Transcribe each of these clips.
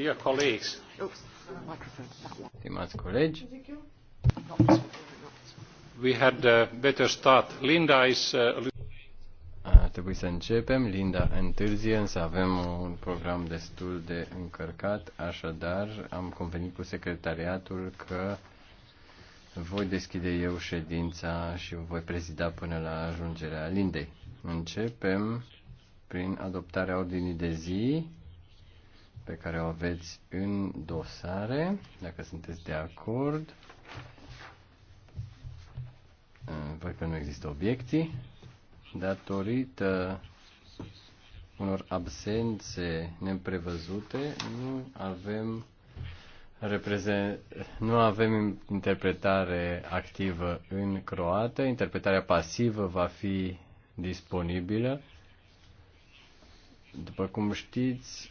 Dear Stimați colegi. We had uh, better start. Linda is uh, ar să începem. Linda întârzie, însă avem un program destul de încărcat, așadar am convenit cu secretariatul că voi deschide eu ședința și voi prezida până la ajungerea Lindei. Începem prin adoptarea ordinii de zi pe care o aveți în dosare, dacă sunteți de acord. Uh, văd că nu există obiecții. Datorită unor absențe neprevăzute, nu avem reprezent, nu avem interpretare activă în croată, interpretarea pasivă va fi disponibilă. După cum știți,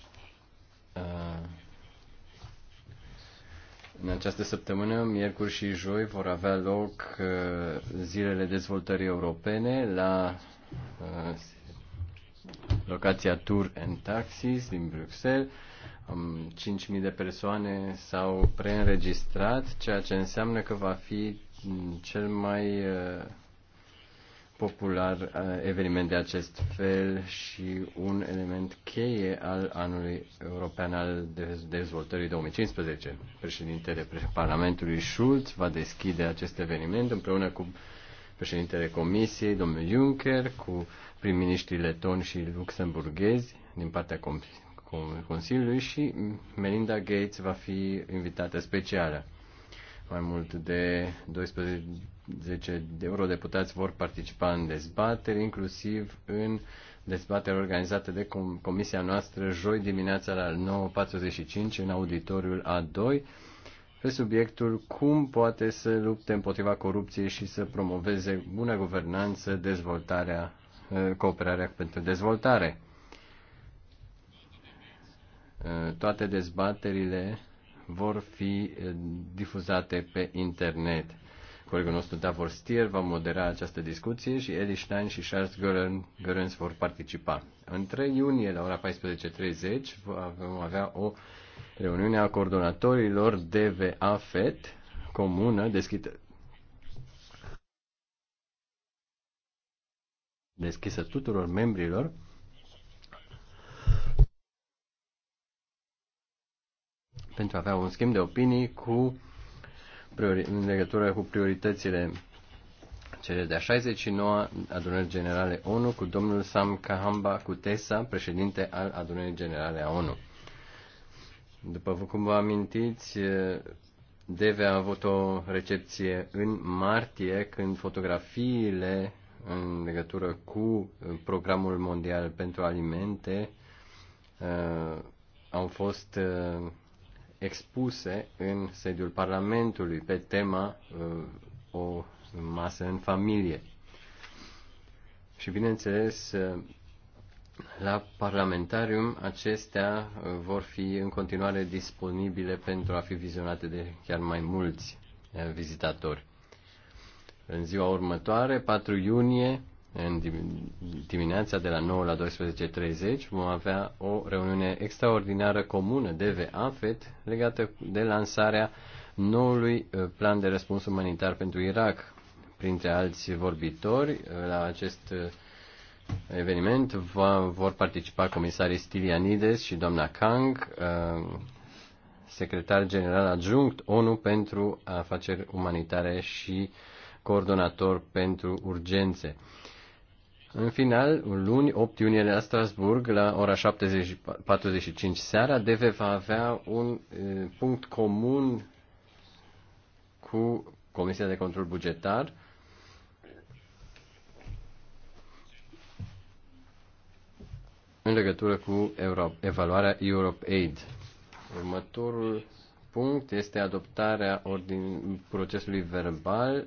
în această săptămână, miercuri și joi, vor avea loc zilele dezvoltării europene la locația Tour and Taxis din Bruxelles. 5.000 de persoane s-au preînregistrat, ceea ce înseamnă că va fi cel mai popular uh, eveniment de acest fel și un element cheie al anului european al dezvoltării 2015. Președintele Parlamentului Schulz va deschide acest eveniment împreună cu președintele Comisiei, domnul Juncker, cu prim-ministrii letoni și luxemburghezi din partea Consiliului și Melinda Gates va fi invitată specială. Mai mult de 12 de eurodeputați vor participa în dezbateri, inclusiv în dezbateri organizate de com comisia noastră joi dimineața la 9.45 în auditoriul A2 pe subiectul cum poate să lupte împotriva corupției și să promoveze bună guvernanță, dezvoltarea, eh, cooperarea pentru dezvoltare. Eh, toate dezbaterile vor fi eh, difuzate pe internet. Colegul nostru Davor Stier va modera această discuție și Eli Stein și Charles Görens vor participa. În 3 iunie, la ora 14.30, vom avea o reuniune a coordonatorilor DVA-FET comună deschisă deschisă tuturor membrilor pentru a avea un schimb de opinii cu priori, în legătură cu prioritățile cele de-a 69 adunări generale ONU cu domnul Sam Kahamba Kutesa, președinte al adunării generale a ONU. După cum vă amintiți, Deve a avut o recepție în martie când fotografiile în legătură cu programul mondial pentru alimente uh, au fost uh, expuse în sediul Parlamentului pe tema uh, o masă în familie. Și bineînțeles, uh, la parlamentarium acestea uh, vor fi în continuare disponibile pentru a fi vizionate de chiar mai mulți vizitatori. În ziua următoare, 4 iunie, în dimineața de la 9 la 12.30 vom avea o reuniune extraordinară comună de VAFET legată de lansarea noului uh, plan de răspuns umanitar pentru Irak. Printre alți vorbitori uh, la acest uh, eveniment va, vor participa comisarii Stilianides și doamna Kang, secretar general adjunct ONU pentru afaceri umanitare și coordonator pentru urgențe. În final, luni, 8 iunie la Strasburg, la ora 7.45 seara, DV va avea un punct comun cu Comisia de Control Bugetar. în legătură cu Euro- evaluarea Aid. Următorul punct este adoptarea ordin procesului verbal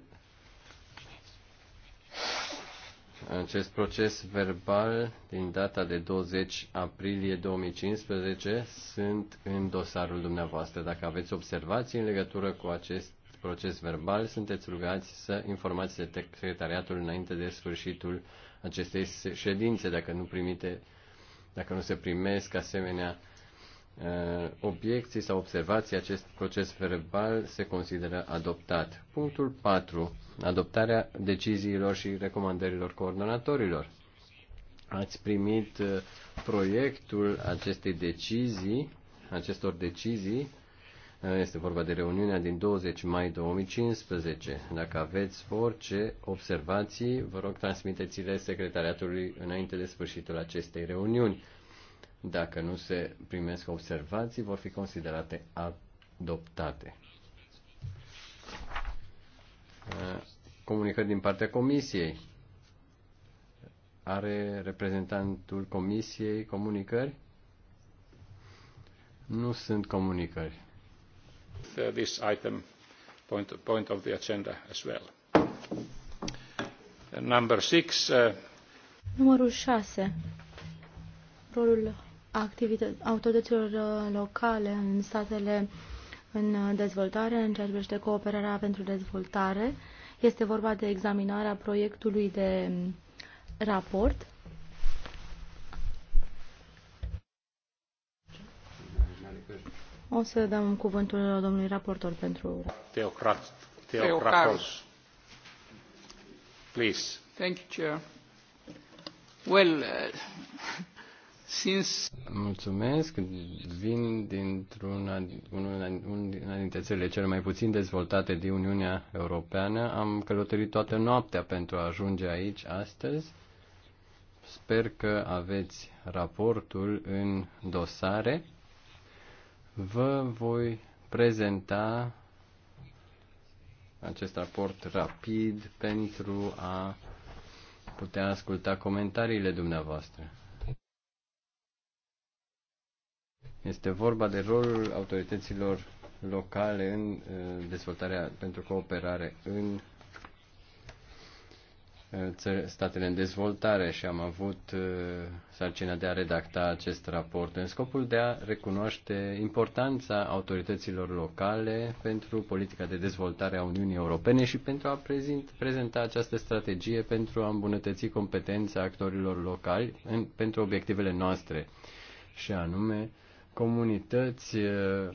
Acest proces verbal din data de 20 aprilie 2015 sunt în dosarul dumneavoastră. Dacă aveți observații în legătură cu acest proces verbal, sunteți rugați să informați secretariatul înainte de sfârșitul acestei ședințe, dacă nu primite, dacă nu se primesc asemenea Uh, obiecții sau observații, acest proces verbal se consideră adoptat. Punctul 4. Adoptarea deciziilor și recomandărilor coordonatorilor. Ați primit uh, proiectul acestei decizii, acestor decizii, uh, este vorba de reuniunea din 20 mai 2015. Dacă aveți orice observații, vă rog transmiteți-le secretariatului înainte de sfârșitul acestei reuniuni. Dacă nu se primesc observații, vor fi considerate adoptate. Uh, comunicări din partea Comisiei. Are reprezentantul Comisiei comunicări? Nu sunt comunicări. This item, point, point of the agenda as well. Number six, uh... Numărul 6. Rolul autorităților uh, locale în statele în uh, dezvoltare, în ceea ce privește cooperarea pentru dezvoltare. Este vorba de examinarea proiectului de um, raport. O să dăm cuvântul domnului raportor pentru... Teocrat. Teocratos. Please. Thank you, Chair. Well, uh, Since... Mulțumesc. Vin dintr-una una, una dintre țările cele mai puțin dezvoltate din Uniunea Europeană. Am călătorit toată noaptea pentru a ajunge aici astăzi. Sper că aveți raportul în dosare. Vă voi prezenta acest raport rapid pentru a putea asculta comentariile dumneavoastră. Este vorba de rolul autorităților locale în uh, dezvoltarea pentru cooperare în uh, statele în dezvoltare și am avut uh, sarcina de a redacta acest raport în scopul de a recunoaște importanța autorităților locale pentru politica de dezvoltare a Uniunii Europene și pentru a prezenta această strategie pentru a îmbunătăți competența actorilor locali în, pentru obiectivele noastre și anume comunități eh,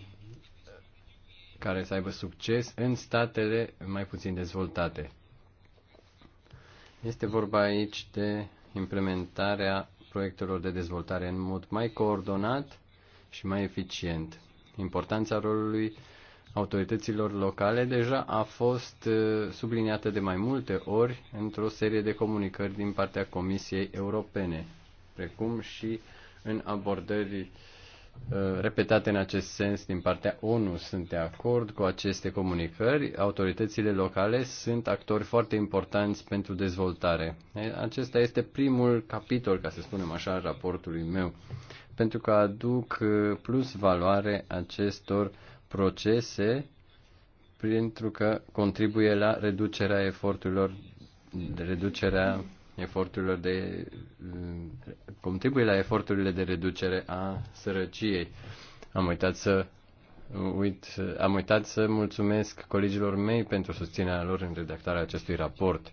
care să aibă succes în statele mai puțin dezvoltate. Este vorba aici de implementarea proiectelor de dezvoltare în mod mai coordonat și mai eficient. Importanța rolului autorităților locale deja a fost eh, subliniată de mai multe ori într-o serie de comunicări din partea Comisiei Europene, precum și în abordări Uh, repetate în acest sens din partea ONU. Sunt de acord cu aceste comunicări. Autoritățile locale sunt actori foarte importanți pentru dezvoltare. Acesta este primul capitol, ca să spunem așa, al raportului meu, pentru că aduc uh, plus valoare acestor procese pentru că contribuie la reducerea eforturilor, reducerea eforturilor de mm, contribuie la eforturile de reducere a sărăciei. Am uitat să uit, am uitat să mulțumesc colegilor mei pentru susținerea lor în redactarea acestui raport.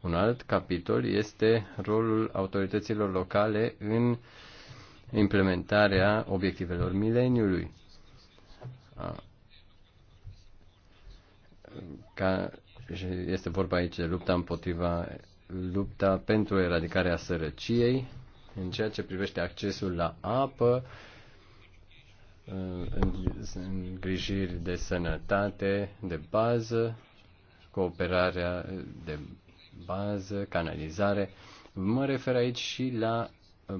Un alt capitol este rolul autorităților locale în implementarea obiectivelor mileniului. Ca, este vorba aici de lupta împotriva lupta pentru eradicarea sărăciei, în ceea ce privește accesul la apă, îngrijiri de sănătate de bază, cooperarea de bază, canalizare. Mă refer aici și la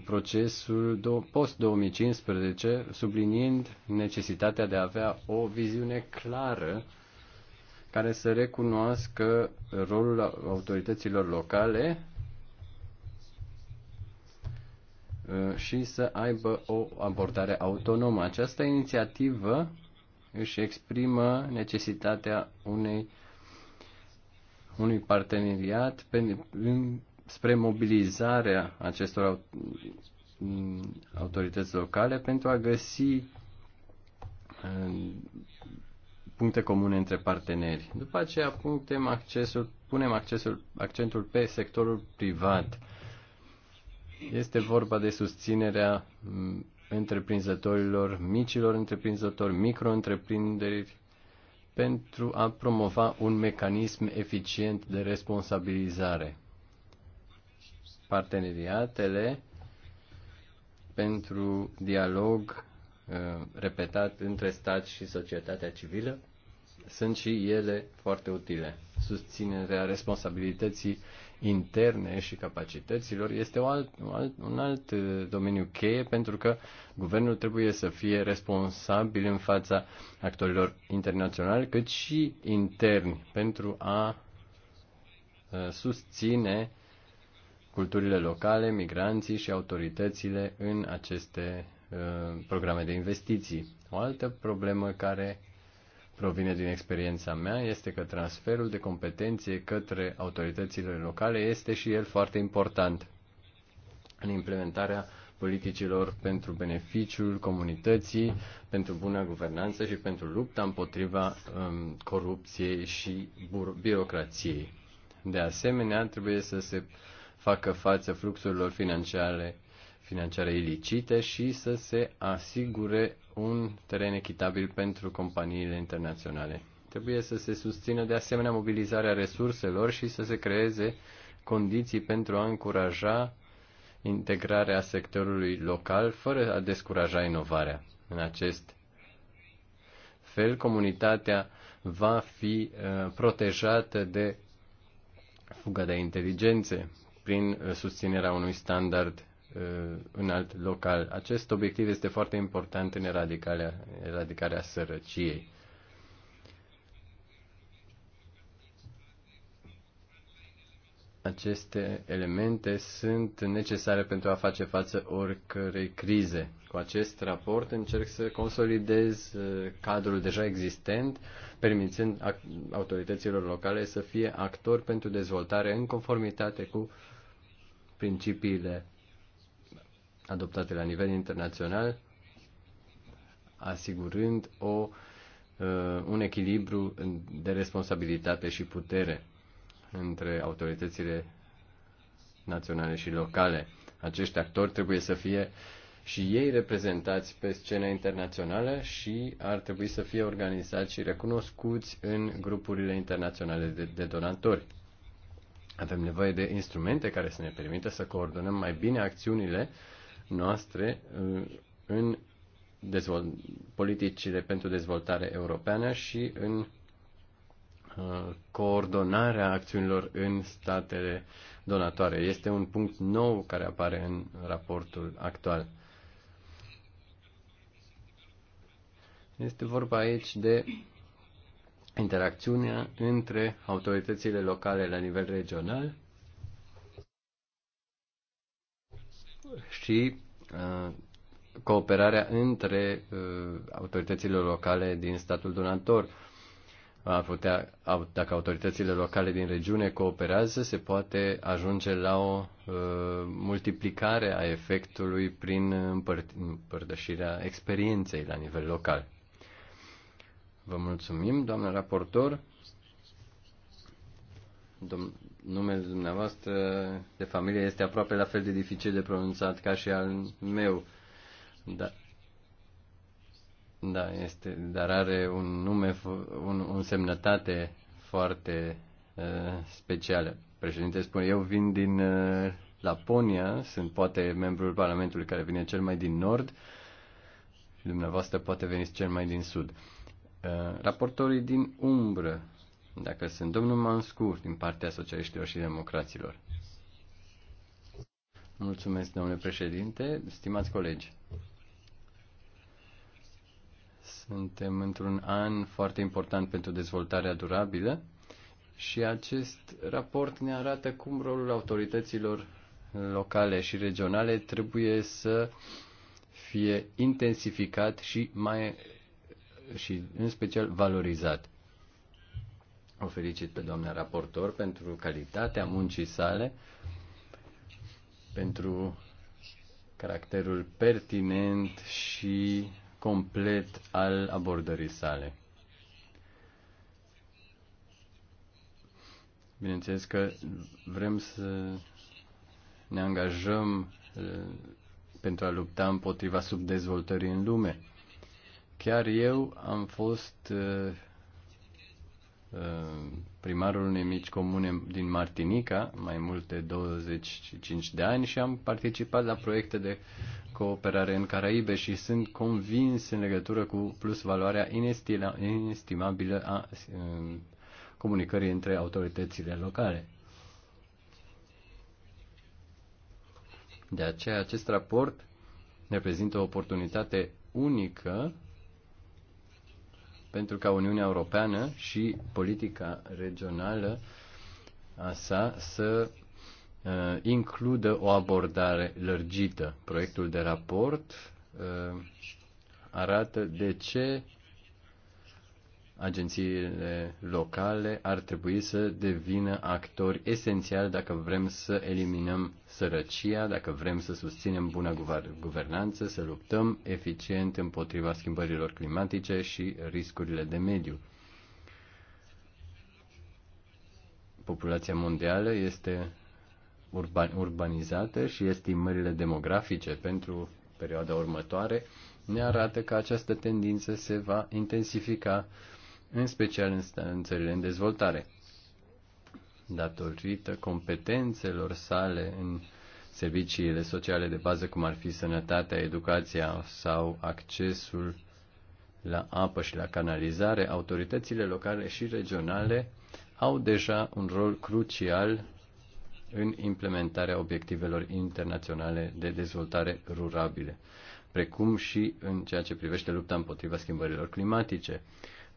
procesul post-2015, subliniind necesitatea de a avea o viziune clară care să recunoască rolul autorităților locale uh, și să aibă o abordare autonomă. Această inițiativă își exprimă necesitatea unei, unui parteneriat pe, spre mobilizarea acestor mm, autorități locale pentru a găsi uh, puncte comune între parteneri. După aceea punctem accesul, punem accesul, accentul pe sectorul privat. Este vorba de susținerea mm, întreprinzătorilor, micilor întreprinzători, micro-întreprinderi, pentru a promova un mecanism eficient de responsabilizare. Parteneriatele pentru dialog Uh, repetat între stat și societatea civilă sunt și ele foarte utile. Susținerea responsabilității interne și capacităților este o alt, un, alt, un alt uh, domeniu cheie pentru că guvernul trebuie să fie responsabil în fața actorilor internaționali cât și interni pentru a uh, susține culturile locale, migranții și autoritățile în aceste Uh, programe de investiții. O altă problemă care provine din experiența mea este că transferul de competențe către autoritățile locale este și el foarte important în implementarea politicilor pentru beneficiul comunității, pentru bună guvernanță și pentru lupta împotriva um, corupției și birocrației. De asemenea, trebuie să se facă față fluxurilor financiare financiare ilicite și să se asigure un teren echitabil pentru companiile internaționale. Trebuie să se susțină de asemenea mobilizarea resurselor și să se creeze condiții pentru a încuraja integrarea sectorului local fără a descuraja inovarea. În acest fel, comunitatea va fi uh, protejată de fuga de inteligențe prin uh, susținerea unui standard Uh, în alt local. Acest obiectiv este foarte important în eradicarea, eradicarea sărăciei. Aceste elemente sunt necesare pentru a face față oricărei crize. Cu acest raport încerc să consolidez uh, cadrul deja existent, permițând autorităților locale să fie actori pentru dezvoltare în conformitate cu principiile adoptate la nivel internațional, asigurând o, uh, un echilibru de responsabilitate și putere între autoritățile naționale și locale. Acești actori trebuie să fie și ei reprezentați pe scena internațională și ar trebui să fie organizați și recunoscuți în grupurile internaționale de, de donatori. Avem nevoie de instrumente care să ne permită să coordonăm mai bine acțiunile uh, noastre uh, în dezvol- politicile pentru dezvoltare europeană și în uh, coordonarea acțiunilor în statele donatoare. Este un punct nou care apare în raportul actual. Este vorba aici de interacțiunea între autoritățile locale la nivel regional și uh, cooperarea între uh, autoritățile locale din statul donator. putea, dacă autoritățile locale din regiune cooperează, se poate ajunge la o uh, multiplicare a efectului prin împărt- împărtășirea experienței la nivel local. Vă mulțumim, doamnă raportor numele dumneavoastră de familie este aproape la fel de dificil de pronunțat ca și al meu. Da. Da, este, dar are un nume, un, un semnătate foarte uh, specială. Președinte spune, eu vin din uh, Laponia, sunt poate membrul Parlamentului care vine cel mai din nord, dumneavoastră poate veniți cel mai din sud. Uh, raportorii din umbră dacă sunt domnul Manscur din partea socialiștilor și democraților. Mulțumesc, domnule președinte, stimați colegi. Suntem într-un an foarte important pentru dezvoltarea durabilă și acest raport ne arată cum rolul autorităților locale și regionale trebuie să fie intensificat și mai și în special valorizat. O felicit pe doamna raportor pentru calitatea muncii sale, pentru caracterul pertinent și complet al abordării sale. Bineînțeles că vrem să ne angajăm eh, pentru a lupta împotriva subdezvoltării în lume. Chiar eu am fost eh, primarul unei mici comune din Martinica, mai mult de 25 de ani și am participat la proiecte de cooperare în Caraibe și sunt convins în legătură cu plus valoarea inestimabilă a um, comunicării între autoritățile locale. De aceea acest raport reprezintă o oportunitate unică pentru ca Uniunea Europeană și politica regională a sa să uh, includă o abordare lărgită. Proiectul de raport uh, arată de ce agențiile locale ar trebui să devină actori esențiali dacă vrem să eliminăm sărăcia, dacă vrem să susținem buna guvernanță, să luptăm eficient împotriva schimbărilor climatice și riscurile de mediu. Populația mondială este urban, urbanizată și estimările demografice pentru perioada următoare ne arată că această tendință se va intensifica în special în, în țările în dezvoltare. Datorită competențelor sale în serviciile sociale de bază, cum ar fi sănătatea, educația sau accesul la apă și la canalizare, autoritățile locale și regionale au deja un rol crucial în implementarea obiectivelor internaționale de dezvoltare rurabile, precum și în ceea ce privește lupta împotriva schimbărilor climatice.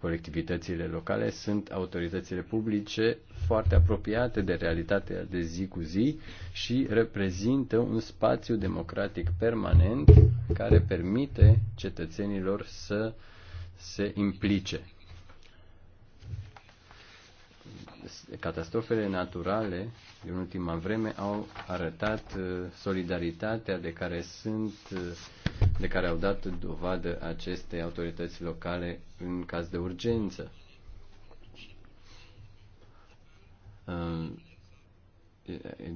Colectivitățile locale sunt autoritățile publice foarte apropiate de realitatea de zi cu zi și reprezintă un spațiu democratic permanent care permite cetățenilor să se implice. Catastrofele naturale din ultima vreme au arătat uh, solidaritatea de care sunt, uh, de care au dat dovadă aceste autorități locale în caz de urgență. Um,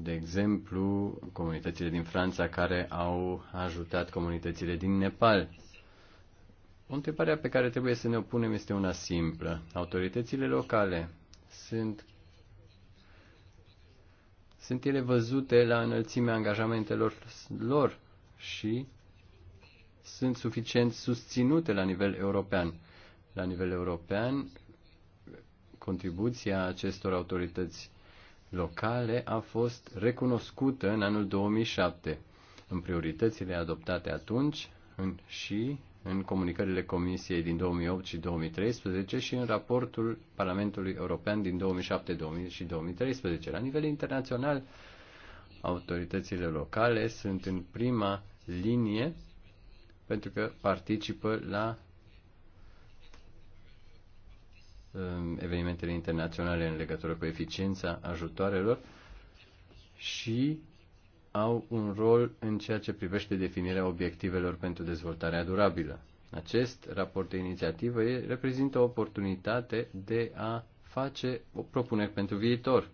de exemplu, comunitățile din Franța care au ajutat comunitățile din Nepal o întrebare pe care trebuie să ne o punem este una simplă. Autoritățile locale sunt sunt ele văzute la înălțimea angajamentelor lor și sunt suficient susținute la nivel european. La nivel european, contribuția acestor autorități locale a fost recunoscută în anul 2007 în prioritățile adoptate atunci în, și în comunicările Comisiei din 2008 și 2013 și în raportul Parlamentului European din 2007 și 2013. La nivel internațional, autoritățile locale sunt în prima linie pentru că participă la um, evenimentele internaționale în legătură cu eficiența ajutoarelor și au un rol în ceea ce privește definirea obiectivelor pentru dezvoltarea durabilă. Acest raport de inițiativă reprezintă o oportunitate de a face o propunere pentru viitor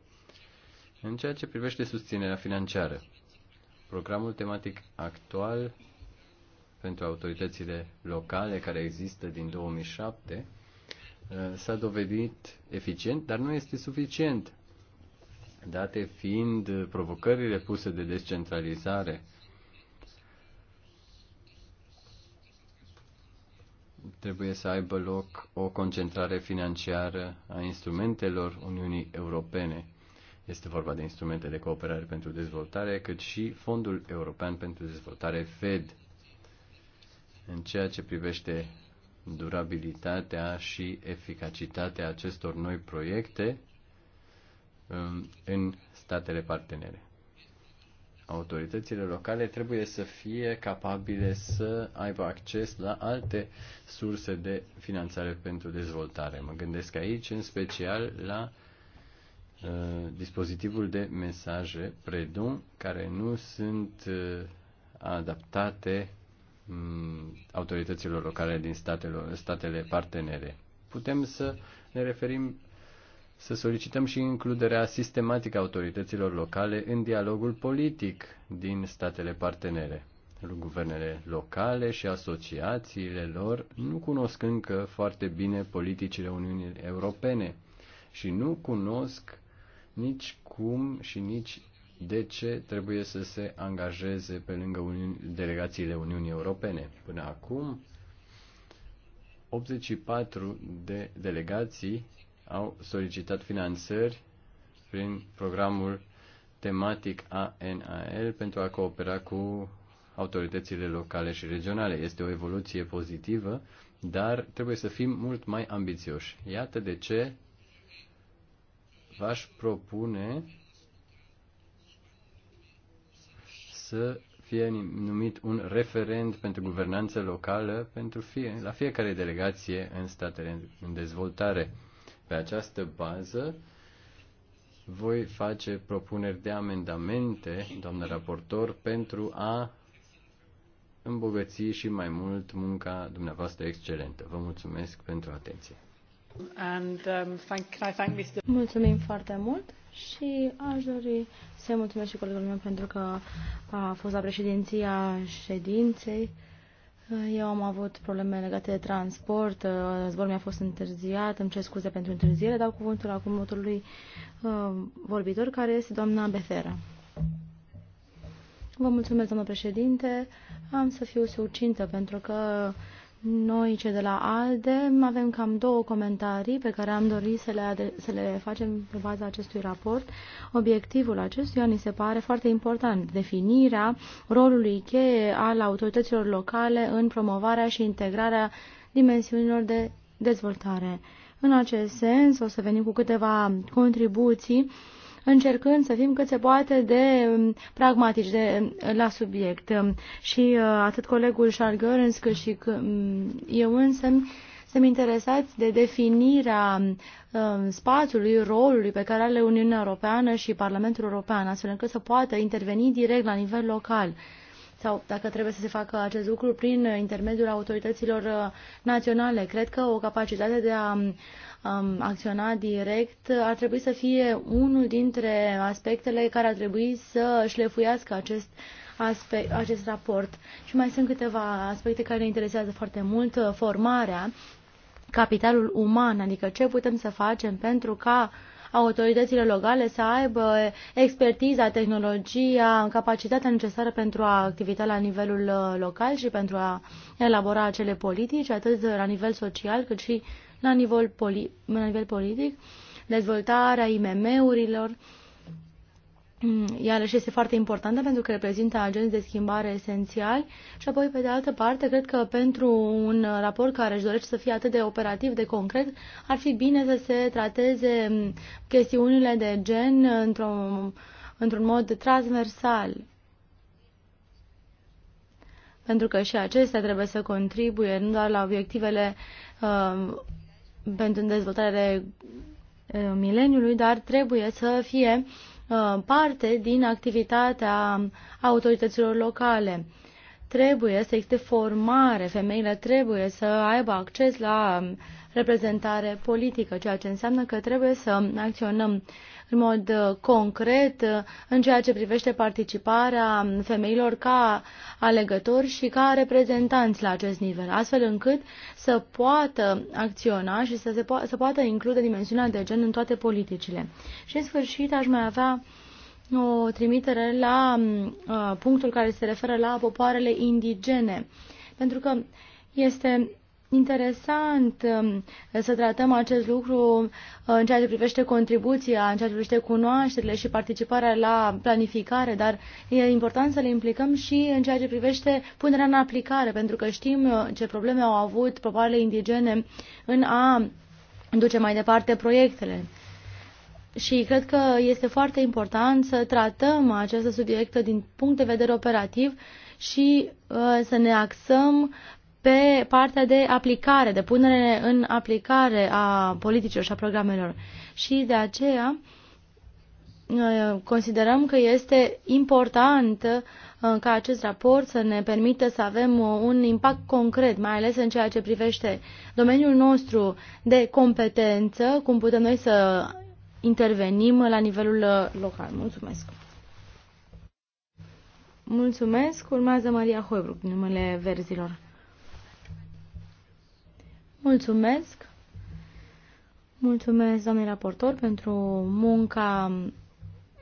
în ceea ce privește susținerea financiară. Programul tematic actual pentru autoritățile locale care există din 2007 uh, s-a dovedit eficient, dar nu este suficient date fiind provocările puse de descentralizare. Trebuie să aibă loc o concentrare financiară a instrumentelor Uniunii Europene. Este vorba de instrumente de cooperare pentru dezvoltare, cât și Fondul European pentru Dezvoltare Fed. În ceea ce privește durabilitatea și eficacitatea acestor noi proiecte, Um, în statele partenere. Autoritățile locale trebuie să fie capabile să aibă acces la alte surse de finanțare pentru dezvoltare. Mă gândesc aici în special la uh, dispozitivul de mesaje predum care nu sunt uh, adaptate um, autorităților locale din statele, statele partenere. Putem să ne referim să solicităm și includerea sistematică a autorităților locale în dialogul politic din statele partenere. Guvernele locale și asociațiile lor nu cunosc încă foarte bine politicile Uniunii Europene și nu cunosc nici cum și nici de ce trebuie să se angajeze pe lângă Uniuni, delegațiile Uniunii Europene. Până acum, 84 de delegații au solicitat finanțări prin programul tematic ANAL pentru a coopera cu autoritățile locale și regionale. Este o evoluție pozitivă, dar trebuie să fim mult mai ambițioși. Iată de ce v-aș propune să fie numit un referent pentru guvernanță locală pentru fie, la fiecare delegație în statele în dezvoltare. Pe această bază voi face propuneri de amendamente, doamnă raportor, pentru a îmbogăți și mai mult munca dumneavoastră excelentă. Vă mulțumesc pentru atenție. And, um, thank, can I thank Mr. Mulțumim foarte mult și aș dori să mulțumesc și colegul meu pentru că a fost la președinția ședinței. Eu am avut probleme legate de transport, uh, zborul mi-a fost întârziat, îmi cer scuze pentru întârziere, dau cuvântul acum următorului uh, vorbitor, care este doamna Befera. Vă mulțumesc, doamnă președinte. Am să fiu sucintă pentru că noi, cei de la ALDE, avem cam două comentarii pe care am dorit să le, să le facem pe baza acestui raport. Obiectivul acestuia ni se pare foarte important, definirea rolului cheie al autorităților locale în promovarea și integrarea dimensiunilor de dezvoltare. În acest sens, o să venim cu câteva contribuții încercând să fim cât se poate de um, pragmatici de, um, la subiect. Um, și uh, atât colegul Charles Görens cât și eu însă suntem interesați de definirea spațiului, rolului pe care are Uniunea Europeană și Parlamentul European, astfel încât să poată interveni direct la nivel local sau dacă trebuie să se facă acest lucru prin intermediul autorităților uh, naționale. Cred că o capacitate de a um, um, acționa direct ar trebui să fie unul dintre aspectele care ar trebui să șlefuiască acest aspect, acest raport. Și mai sunt câteva aspecte care ne interesează foarte mult. Uh, formarea, capitalul uman, adică ce putem să facem pentru ca uh, autoritățile locale să aibă expertiza, tehnologia, capacitatea necesară pentru a activita la nivelul uh, local și pentru a elabora acele politici, atât la nivel social cât și la nivel, poli- la nivel politic, dezvoltarea IMM-urilor, Mm, iarăși este foarte importantă pentru că reprezintă agenți de schimbare esențiali și apoi, pe de altă parte, cred că pentru un raport care își dorește să fie atât de operativ, de concret, ar fi bine să se trateze mm, chestiunile de gen într-un, într-un mod transversal. Pentru că și acestea trebuie să contribuie nu doar la obiectivele uh, pentru dezvoltarea de, uh, mileniului, dar trebuie să fie uh, Uh, parte din activitatea autorităților locale. Trebuie să existe formare, femeile trebuie să aibă acces la reprezentare politică, ceea ce înseamnă că trebuie să acționăm uh, în mod uh, concret uh, în ceea ce privește participarea femeilor ca alegători și ca reprezentanți la acest nivel, astfel încât să poată acționa și să, se po- să poată include dimensiunea de gen în toate politicile. Și în sfârșit aș mai avea o trimitere la mm, uh, punctul care se referă la popoarele indigene, pentru că este interesant um, să tratăm acest lucru uh, în ceea ce privește contribuția, în ceea ce privește cunoașterile și participarea la planificare, dar e important să le implicăm și în ceea ce privește punerea în aplicare, pentru că știm uh, ce probleme au avut popoarele indigene în a duce mai departe proiectele. Și cred că este foarte important să tratăm această subiect din punct de vedere operativ și uh, să ne axăm pe partea de aplicare, de punere în aplicare a politicilor și a programelor. Și de aceea uh, considerăm că este important uh, ca acest raport să ne permită să avem uh, un impact concret, mai ales în ceea ce privește domeniul nostru de competență, cum putem noi să intervenim la nivelul local. Mulțumesc! Mulțumesc! Urmează Maria Hoibruc, numele verzilor. Mulțumesc! Mulțumesc, doamnei raportor, pentru munca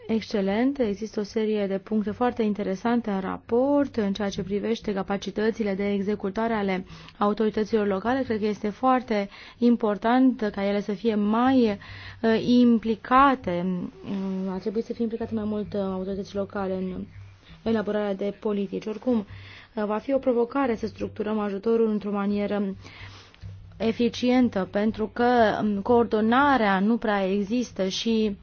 excelentă. Există o serie de puncte foarte interesante în raport în ceea ce privește capacitățile de executare ale autorităților locale. Cred că este foarte important ca ele să fie mai uh, implicate. Mm, ar trebui să fie implicate mai mult uh, autorități locale în elaborarea de politici. Oricum, uh, va fi o provocare să structurăm ajutorul într-o manieră eficientă, pentru că mm, coordonarea nu prea există și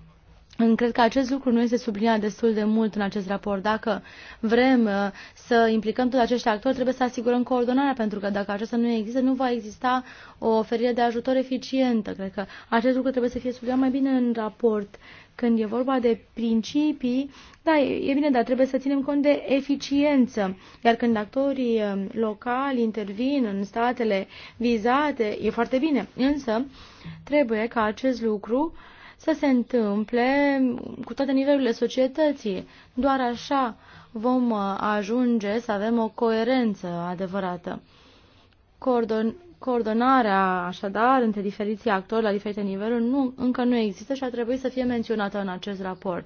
mm, Cred că acest lucru nu este subliniat destul de mult în acest raport. Dacă vrem mm, să implicăm toți acești actori, trebuie să asigurăm coordonarea, pentru că dacă aceasta nu există, nu va exista o oferire de ajutor eficientă. Cred că acest lucru trebuie să fie subliniat mai bine în raport când e vorba de principii, da, e bine, dar trebuie să ținem cont de eficiență. Iar când actorii um, locali intervin în statele vizate, e foarte bine. Însă, trebuie ca acest lucru să se întâmple cu toate nivelurile societății. Doar așa vom uh, ajunge să avem o coerență adevărată. Coordon Coordonarea, așadar, între diferiții actori la diferite niveluri nu, încă nu există și a trebuit să fie menționată în acest raport.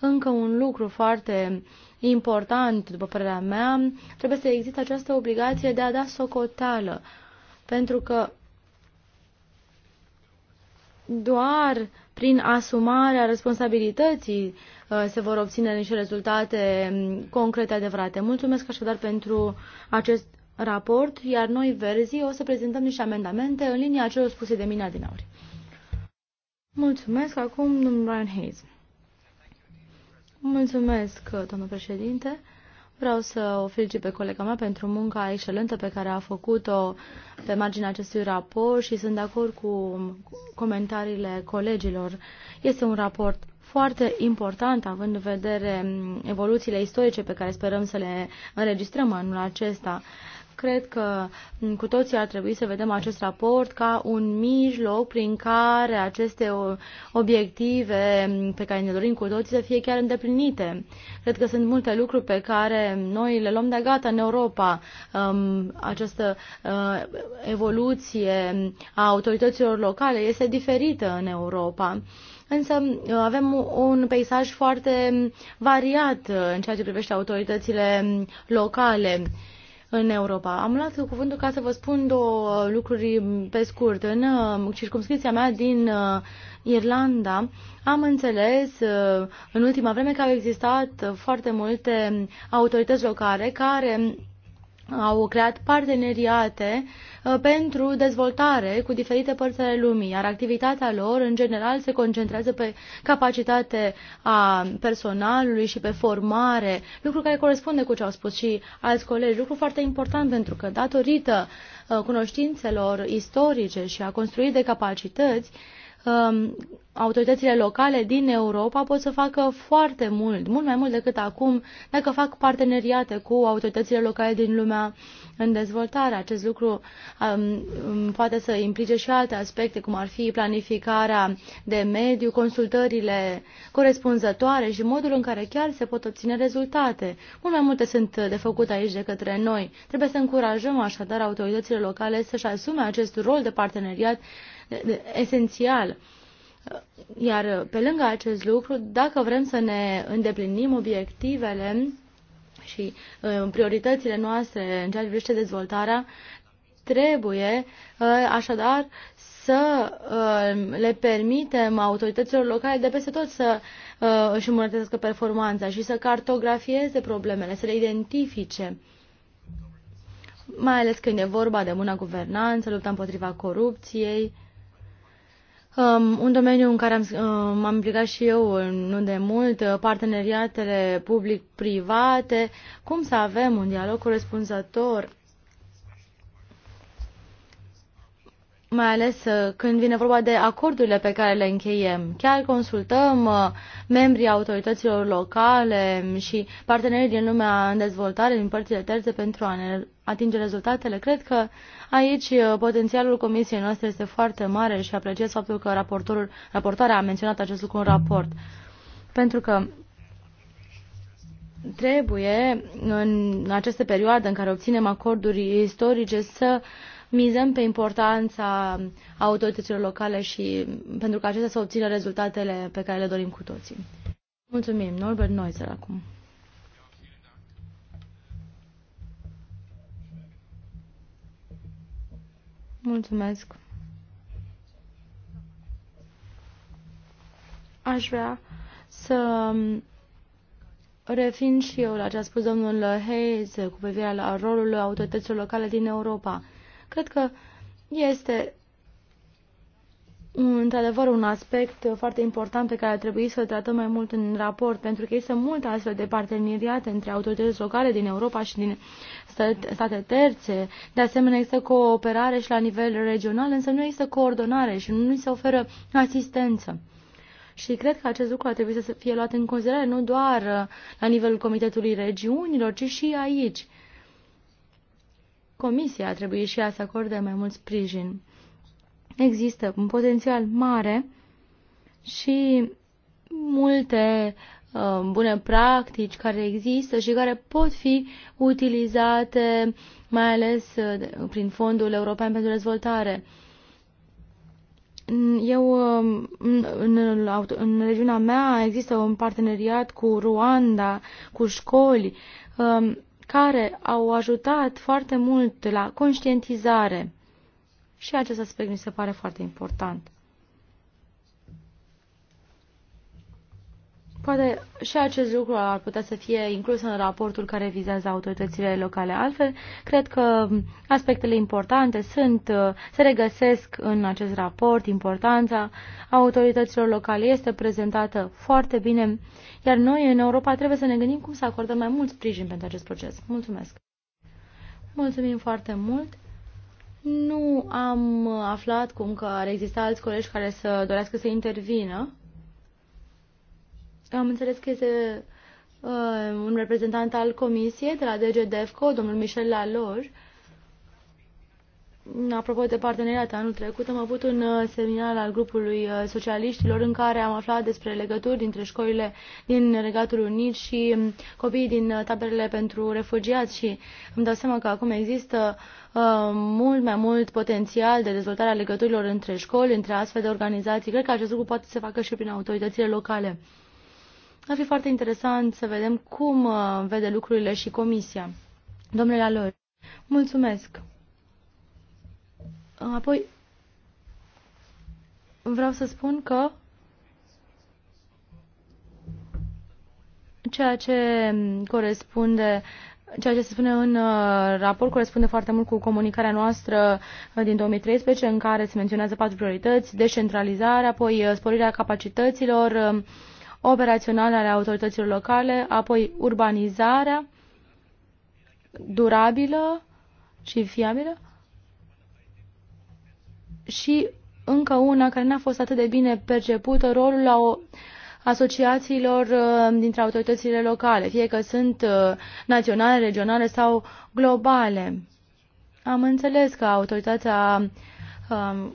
Încă un lucru foarte important, după părerea mea, trebuie să existe această obligație de a da socoteală, pentru că doar prin asumarea responsabilității uh, se vor obține niște rezultate mm, concrete adevărate. Mulțumesc așadar pentru acest raport, iar noi, verzii, o să prezentăm niște amendamente în linia celor spuse de mine adinauri. Mulțumesc. Acum, domnul Brian Hayes. Mulțumesc, domnul președinte. Vreau să o felicit pe colega mea pentru munca excelentă pe care a făcut-o pe marginea acestui raport și sunt de acord cu comentariile colegilor. Este un raport foarte important, având în vedere evoluțiile istorice pe care sperăm să le înregistrăm anul acesta. Cred că cu toții ar trebui să vedem acest raport ca un mijloc prin care aceste obiective pe care ne dorim cu toții să fie chiar îndeplinite. Cred că sunt multe lucruri pe care noi le luăm de gata în Europa. Um, această uh, evoluție a autorităților locale este diferită în Europa însă uh, avem un peisaj foarte variat uh, în ceea ce privește autoritățile locale în Europa. Am luat cuvântul ca să vă spun două lucruri pe scurt. În uh, circumscripția mea din uh, Irlanda am înțeles uh, în ultima vreme că au existat foarte multe autorități locale care au creat parteneriate uh, pentru dezvoltare cu diferite părți ale lumii, iar activitatea lor, în general, se concentrează pe capacitate a personalului și pe formare, lucru care corespunde cu ce au spus și alți colegi, lucru foarte important pentru că, datorită uh, cunoștințelor istorice și a construirii de capacități, Um, autoritățile locale din Europa pot să facă foarte mult, mult mai mult decât acum, dacă fac parteneriate cu autoritățile locale din lumea în dezvoltare. Acest lucru um, um, poate să implice și alte aspecte, cum ar fi planificarea de mediu, consultările corespunzătoare și modul în care chiar se pot obține rezultate. Mult mai multe sunt de făcut aici de către noi. Trebuie să încurajăm așadar autoritățile locale să-și asume acest rol de parteneriat esențial. Iar pe lângă acest lucru, dacă vrem să ne îndeplinim obiectivele și uh, prioritățile noastre în ceea ce privește dezvoltarea, trebuie uh, așadar să uh, le permitem autorităților locale de peste tot să își îmbunătățească performanța și să cartografieze problemele, să le identifice mai ales când e vorba de bună guvernanță, lupta împotriva corupției, Um, un domeniu în care am, um, am implicat și eu nu de mult, uh, parteneriatele public-private, cum să avem un dialog corespunzător, mai ales uh, când vine vorba de acordurile pe care le încheiem. Chiar consultăm uh, membrii autorităților locale și partenerii din lumea în dezvoltare, din părțile terțe, pentru a ne atinge rezultatele. Cred că Aici uh, potențialul comisiei noastre este foarte mare și apreciez faptul că raportorul, raportarea a menționat acest lucru în raport. Pentru că trebuie în aceste perioade în care obținem acorduri istorice să mizăm pe importanța autorităților locale și pentru că acestea să obțină rezultatele pe care le dorim cu toții. Mulțumim, Norbert Neuser acum. Mulțumesc. Aș vrea să refin și eu la ce a spus domnul Hayes cu privire la rolul autorităților locale din Europa. Cred că este într-adevăr un aspect foarte important pe care ar trebui să-l tratăm mai mult în raport, pentru că există multe astfel de parteneriate între autorități locale din Europa și din state terțe. De asemenea, există cooperare și la nivel regional, însă nu există coordonare și nu se oferă asistență. Și cred că acest lucru ar trebui să fie luat în considerare nu doar la nivelul Comitetului Regiunilor, ci și aici. Comisia ar trebui și ea să acorde mai mult sprijin. Există un potențial mare și multe uh, bune practici care există și care pot fi utilizate mai ales uh, prin Fondul European pentru Dezvoltare. Eu, uh, în, în, în regiunea mea, există un parteneriat cu Ruanda, cu școli, um, care au ajutat foarte mult la conștientizare și acest aspect mi se pare foarte important. Poate și acest lucru ar putea să fie inclus în raportul care vizează autoritățile locale. Altfel, cred că aspectele importante sunt, se regăsesc în acest raport. Importanța autorităților locale este prezentată foarte bine, iar noi în Europa trebuie să ne gândim cum să acordăm mai mult sprijin pentru acest proces. Mulțumesc! Mulțumim foarte mult! Nu am aflat cum că ar exista alți colegi care să dorească să intervină. Am înțeles că este uh, un reprezentant al comisiei de la DG DEFCO, domnul Michel Laloj, Apropo de parteneriat, anul trecut am avut un uh, seminar al grupului uh, socialiștilor în care am aflat despre legături dintre școlile din Regatul Unit și um, copiii din uh, taberele pentru refugiați și îmi dau seama că acum există uh, mult mai mult potențial de dezvoltare a legăturilor între școli, între astfel de organizații. Cred că acest lucru poate să facă și prin autoritățile locale. Ar fi foarte interesant să vedem cum vede lucrurile și Comisia. Domnule Alor, mulțumesc! Apoi, vreau să spun că ceea ce corespunde Ceea ce se spune în uh, raport corespunde foarte mult cu comunicarea noastră uh, din 2013, în care se menționează patru priorități, descentralizare, apoi uh, sporirea capacităților um, operaționale ale autorităților locale, apoi urbanizarea durabilă și fiabilă, și încă una care n-a fost atât de bine percepută, rolul la o asociațiilor uh, dintre autoritățile locale, fie că sunt uh, naționale, regionale sau globale. Am înțeles că autoritatea, um,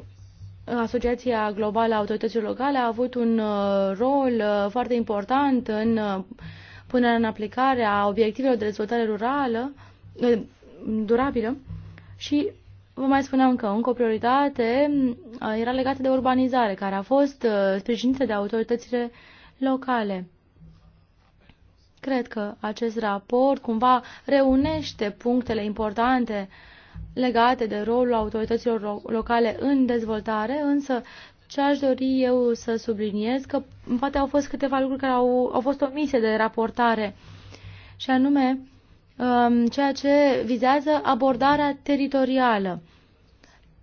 Asociația Globală a Autorităților Locale a avut un uh, rol foarte important în punerea în aplicare a obiectivelor de dezvoltare rurală, durabilă și Vă mai spuneam că încă o prioritate uh, era legată de urbanizare, care a fost uh, sprijinită de autoritățile locale. Cred că acest raport cumva reunește punctele importante legate de rolul autorităților locale în dezvoltare, însă ce aș dori eu să subliniez, că poate au fost câteva lucruri care au, au fost omise de raportare, și anume Um, ceea ce vizează abordarea teritorială,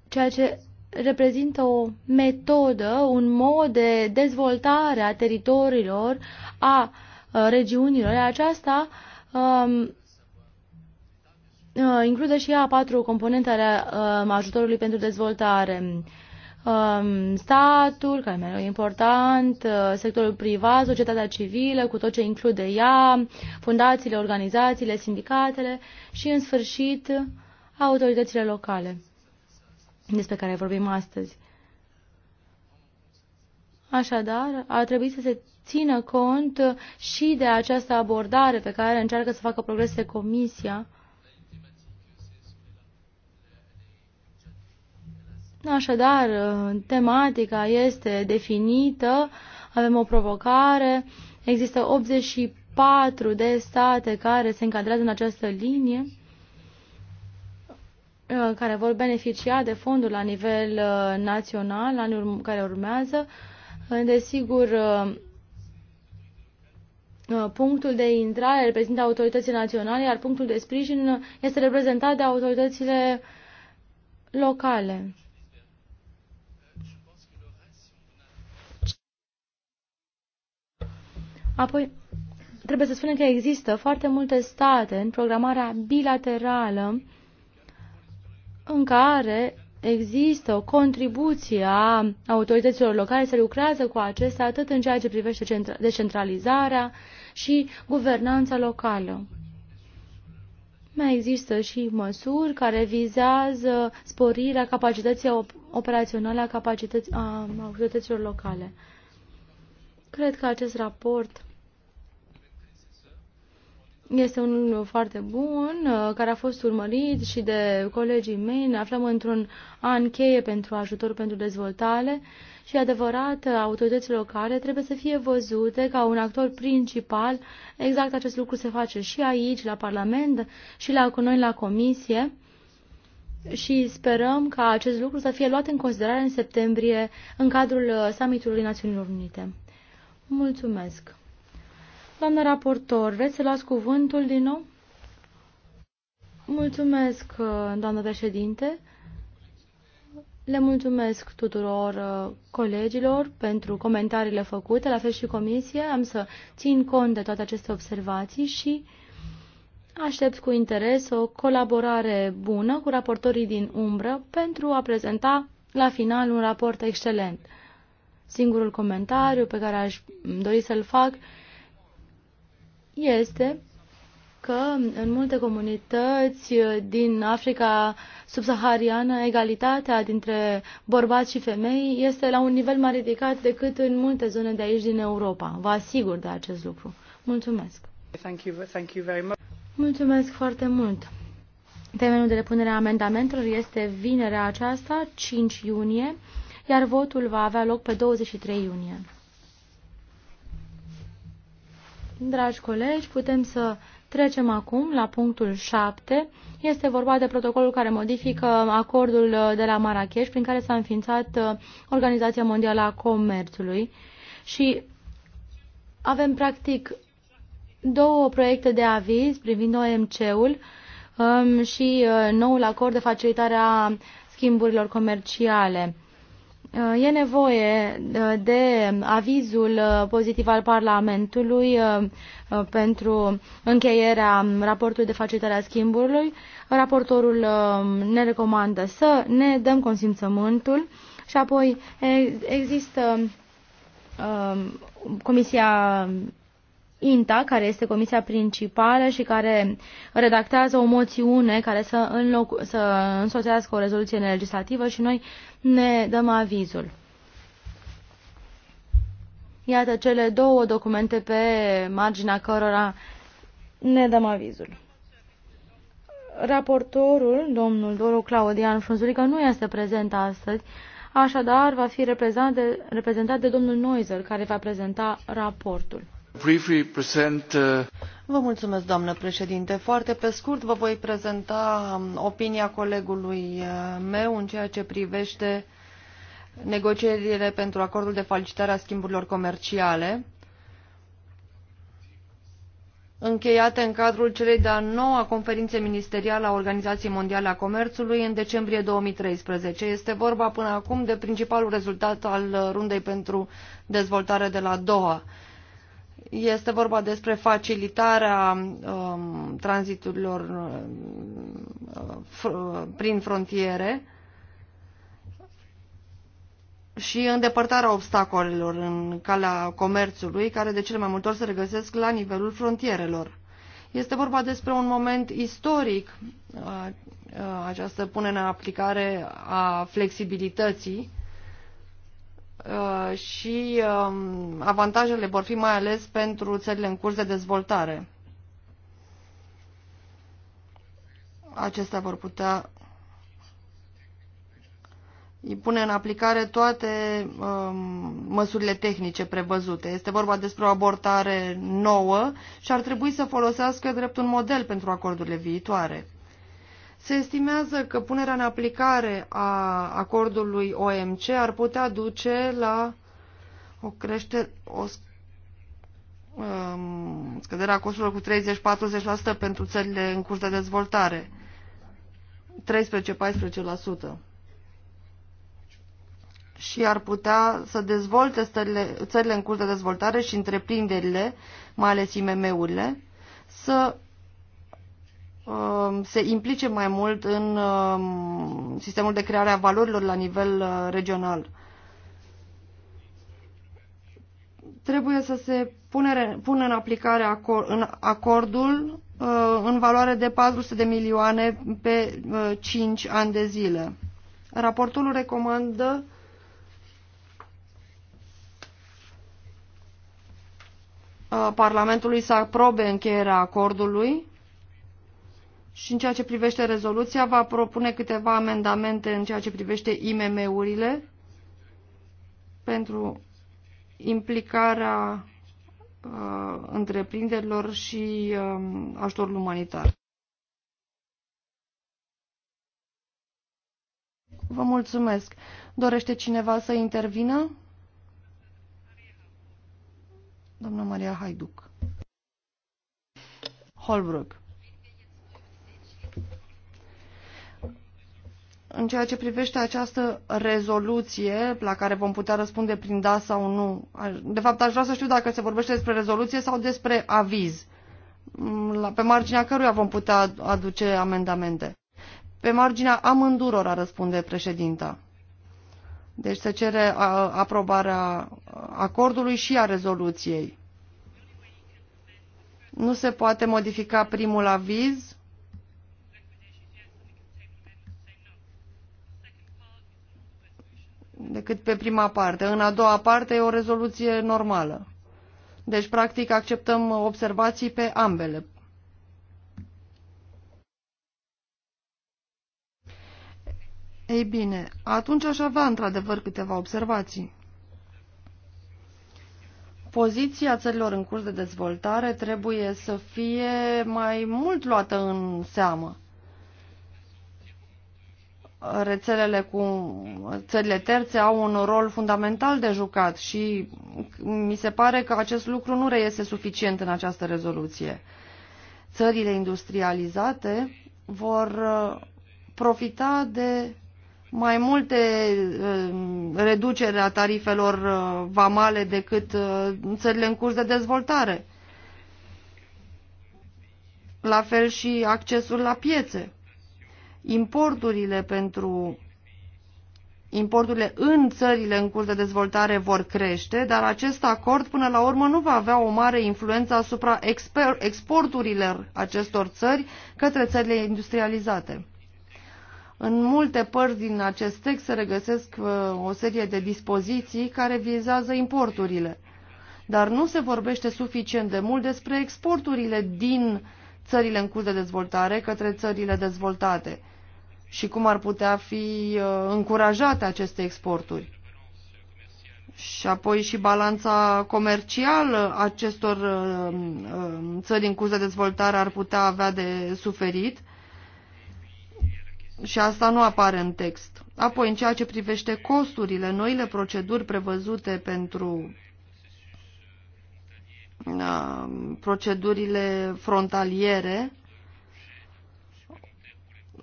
ceea ce reprezintă o metodă, un mod de dezvoltare a teritoriilor, a uh, regiunilor. Aceasta um, uh, include și a patru componente ale uh, ajutorului pentru dezvoltare Um, statul, care mai e important, uh, sectorul privat, societatea civilă, cu tot ce include ea, fundațiile, organizațiile, sindicatele și, în sfârșit, autoritățile locale, despre care vorbim astăzi. Așadar, ar trebui să se țină cont și de această abordare pe care încearcă să facă progrese Comisia Așadar, uh, tematica este definită, avem o provocare, există 84 de state care se încadrează în această linie, uh, care vor beneficia de fonduri la nivel uh, național, anul care urmează. Desigur, punctul de intrare reprezintă autoritățile naționale, iar punctul de sprijin este reprezentat de autoritățile locale. Apoi, trebuie să spunem că există foarte multe state în programarea bilaterală în care există o contribuție a autorităților locale, să lucrează cu acestea atât în ceea ce privește decentralizarea și guvernanța locală. Mai există și măsuri care vizează sporirea capacității operaționale a, capacității a autorităților locale. Cred că acest raport este un foarte bun, uh, care a fost urmărit și de colegii mei. Ne aflăm într-un an cheie pentru ajutor pentru dezvoltare și, adevărat, uh, autoritățile locale trebuie să fie văzute ca un actor principal. Exact acest lucru se face și aici, la Parlament, și la noi, la Comisie. Și sperăm ca acest lucru să fie luat în considerare în septembrie, în cadrul uh, summitului Națiunilor Unite. Mulțumesc! Doamna raportor, vreți să luați cuvântul din nou? Mulțumesc, uh, doamnă președinte. Le mulțumesc tuturor uh, colegilor pentru comentariile făcute, la fel și comisie. Am să țin cont de toate aceste observații și aștept cu interes o colaborare bună cu raportorii din umbră pentru a prezenta la final un raport excelent. Singurul comentariu pe care aș dori să-l fac este că în multe comunități din Africa subsahariană egalitatea dintre bărbați și femei este la un nivel mai ridicat decât în multe zone de aici din Europa. Vă asigur de acest lucru. Mulțumesc. Thank you, thank you very much. Mulțumesc foarte mult. Termenul de depunere a amendamentelor este vinerea aceasta, 5 iunie, iar votul va avea loc pe 23 iunie. Dragi colegi, putem să trecem acum la punctul 7. Este vorba de protocolul care modifică acordul de la Marrakesh prin care s-a înființat uh, Organizația Mondială a Comerțului și avem practic două proiecte de aviz privind OMC-ul um, și uh, noul acord de facilitare a schimburilor comerciale. Uh, e nevoie uh, de avizul uh, pozitiv al Parlamentului pentru încheierea raportului de facilitare a schimburilor. Raportorul ne recomandă să ne dăm consimțământul și apoi există Comisia INTA, care este comisia principală și care redactează o moțiune care să, înloc- să însoțească o rezoluție legislativă și noi ne dăm avizul. Iată cele două documente pe marginea cărora ne dăm avizul. Raportorul, domnul Doru Claudian Frunzulică, nu este prezent astăzi, așadar va fi reprezentat de, reprezentat de domnul Noizer, care va prezenta raportul. Briefly present, uh... Vă mulțumesc, doamnă președinte. Foarte pe scurt vă voi prezenta um, opinia colegului uh, meu în ceea ce privește negocierile pentru acordul de facilitare a schimburilor comerciale încheiate în cadrul celei de-a noua conferințe ministeriale a Organizației Mondiale a Comerțului în decembrie 2013. Este vorba până acum de principalul rezultat al uh, rundei pentru dezvoltare de la Doha. Este vorba despre facilitarea um, tranziturilor um, fr prin frontiere și îndepărtarea obstacolelor în calea comerțului, care de cele mai multe ori se regăsesc la nivelul frontierelor. Este vorba despre un moment istoric, uh, uh, această punere în aplicare a flexibilității Uh, și um, avantajele vor fi mai ales pentru țările în curs de dezvoltare. Acestea vor putea îi pune în aplicare toate um, măsurile tehnice prevăzute. Este vorba despre o abortare nouă și ar trebui să folosească drept un model pentru acordurile viitoare. Se estimează că punerea în aplicare a acordului OMC ar putea duce la o creștere, o um, scăderea costurilor cu 30-40% pentru țările în curs de dezvoltare. 13-14%. Și ar putea să dezvolte stările, țările în curs de dezvoltare și întreprinderile, mai ales IMM-urile, să Um, se implice mai mult în um, sistemul de creare a valorilor la nivel uh, regional. Trebuie să se pună în aplicare acordul uh, în valoare de 400 de milioane pe 5 uh, ani de zile. Raportul recomandă Parlamentului să aprobe încheierea acordului și în ceea ce privește rezoluția va propune câteva amendamente în ceea ce privește IMM-urile pentru implicarea uh, întreprinderilor și uh, ajutorul umanitar. Vă mulțumesc. Dorește cineva să intervină? Doamna Maria Haiduc. Holbrook. În ceea ce privește această rezoluție, la care vom putea răspunde prin da sau nu, de fapt aș vrea să știu dacă se vorbește despre rezoluție sau despre aviz, mm, pe marginea căruia vom putea aduce amendamente. Pe marginea amândurora răspunde președinta. Deci se cere aprobarea acordului și a rezoluției. Nu se poate modifica primul aviz decât pe prima parte. În a doua parte e o rezoluție normală. Deci, practic, acceptăm observații pe ambele. Ei bine, atunci aș avea într-adevăr câteva observații. Poziția țărilor în curs de dezvoltare trebuie să fie mai mult luată în seamă rețelele cu țările terțe au un rol fundamental de jucat și mi se pare că acest lucru nu reiese suficient în această rezoluție. Țările industrializate vor uh, profita de mai multe uh, reducere a tarifelor uh, vamale decât țările în curs de dezvoltare. La fel și accesul la piețe importurile pentru importurile în țările în curs de dezvoltare vor crește, dar acest acord până la urmă nu va avea o mare influență asupra exporturilor acestor țări către țările industrializate. În multe părți din acest text se regăsesc uh, o serie de dispoziții care vizează importurile, dar nu se vorbește suficient de mult despre exporturile din țările în curs de dezvoltare către țările dezvoltate și cum ar putea fi uh, încurajate aceste exporturi. Și apoi și balanța comercială acestor uh, um, uh, țări în curs de dezvoltare ar putea avea de suferit. Și asta nu apare în text. Apoi, în ceea ce privește costurile, noile proceduri prevăzute pentru procedurile frontaliere,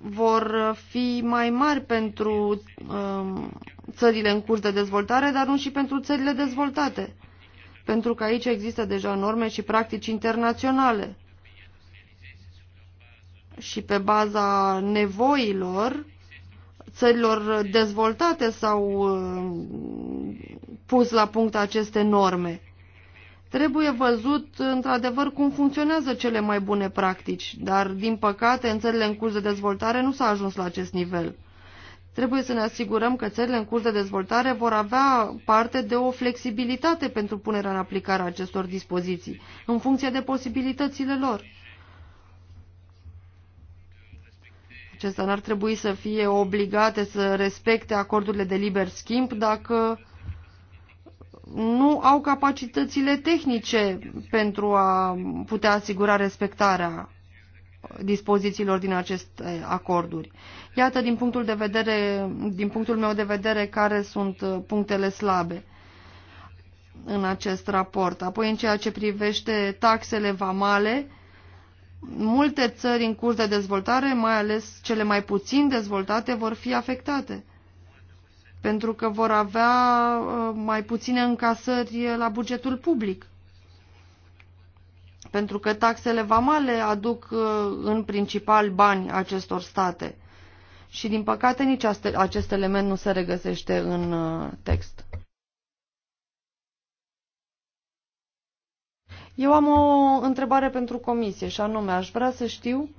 vor fi mai mari pentru um, țările în curs de dezvoltare, dar nu și pentru țările dezvoltate, pentru că aici există deja norme și practici internaționale. Și pe baza nevoilor țărilor dezvoltate s-au um, pus la punct aceste norme. Trebuie văzut într-adevăr cum funcționează cele mai bune practici, dar din păcate în țările în curs de dezvoltare nu s-a ajuns la acest nivel. Trebuie să ne asigurăm că țările în curs de dezvoltare vor avea parte de o flexibilitate pentru punerea în aplicare a acestor dispoziții, în funcție de posibilitățile lor. Acestea n-ar trebui să fie obligate să respecte acordurile de liber schimb dacă nu au capacitățile tehnice pentru a putea asigura respectarea dispozițiilor din aceste acorduri. Iată din punctul, de vedere, din punctul meu de vedere care sunt uh, punctele slabe în acest raport. Apoi în ceea ce privește taxele vamale, multe țări în curs de dezvoltare, mai ales cele mai puțin dezvoltate, vor fi afectate pentru că vor avea uh, mai puține încasări la bugetul public. Pentru că taxele vamale aduc uh, în principal bani acestor state. Și din păcate nici acest element nu se regăsește în uh, text. Eu am o întrebare pentru comisie și anume aș vrea să știu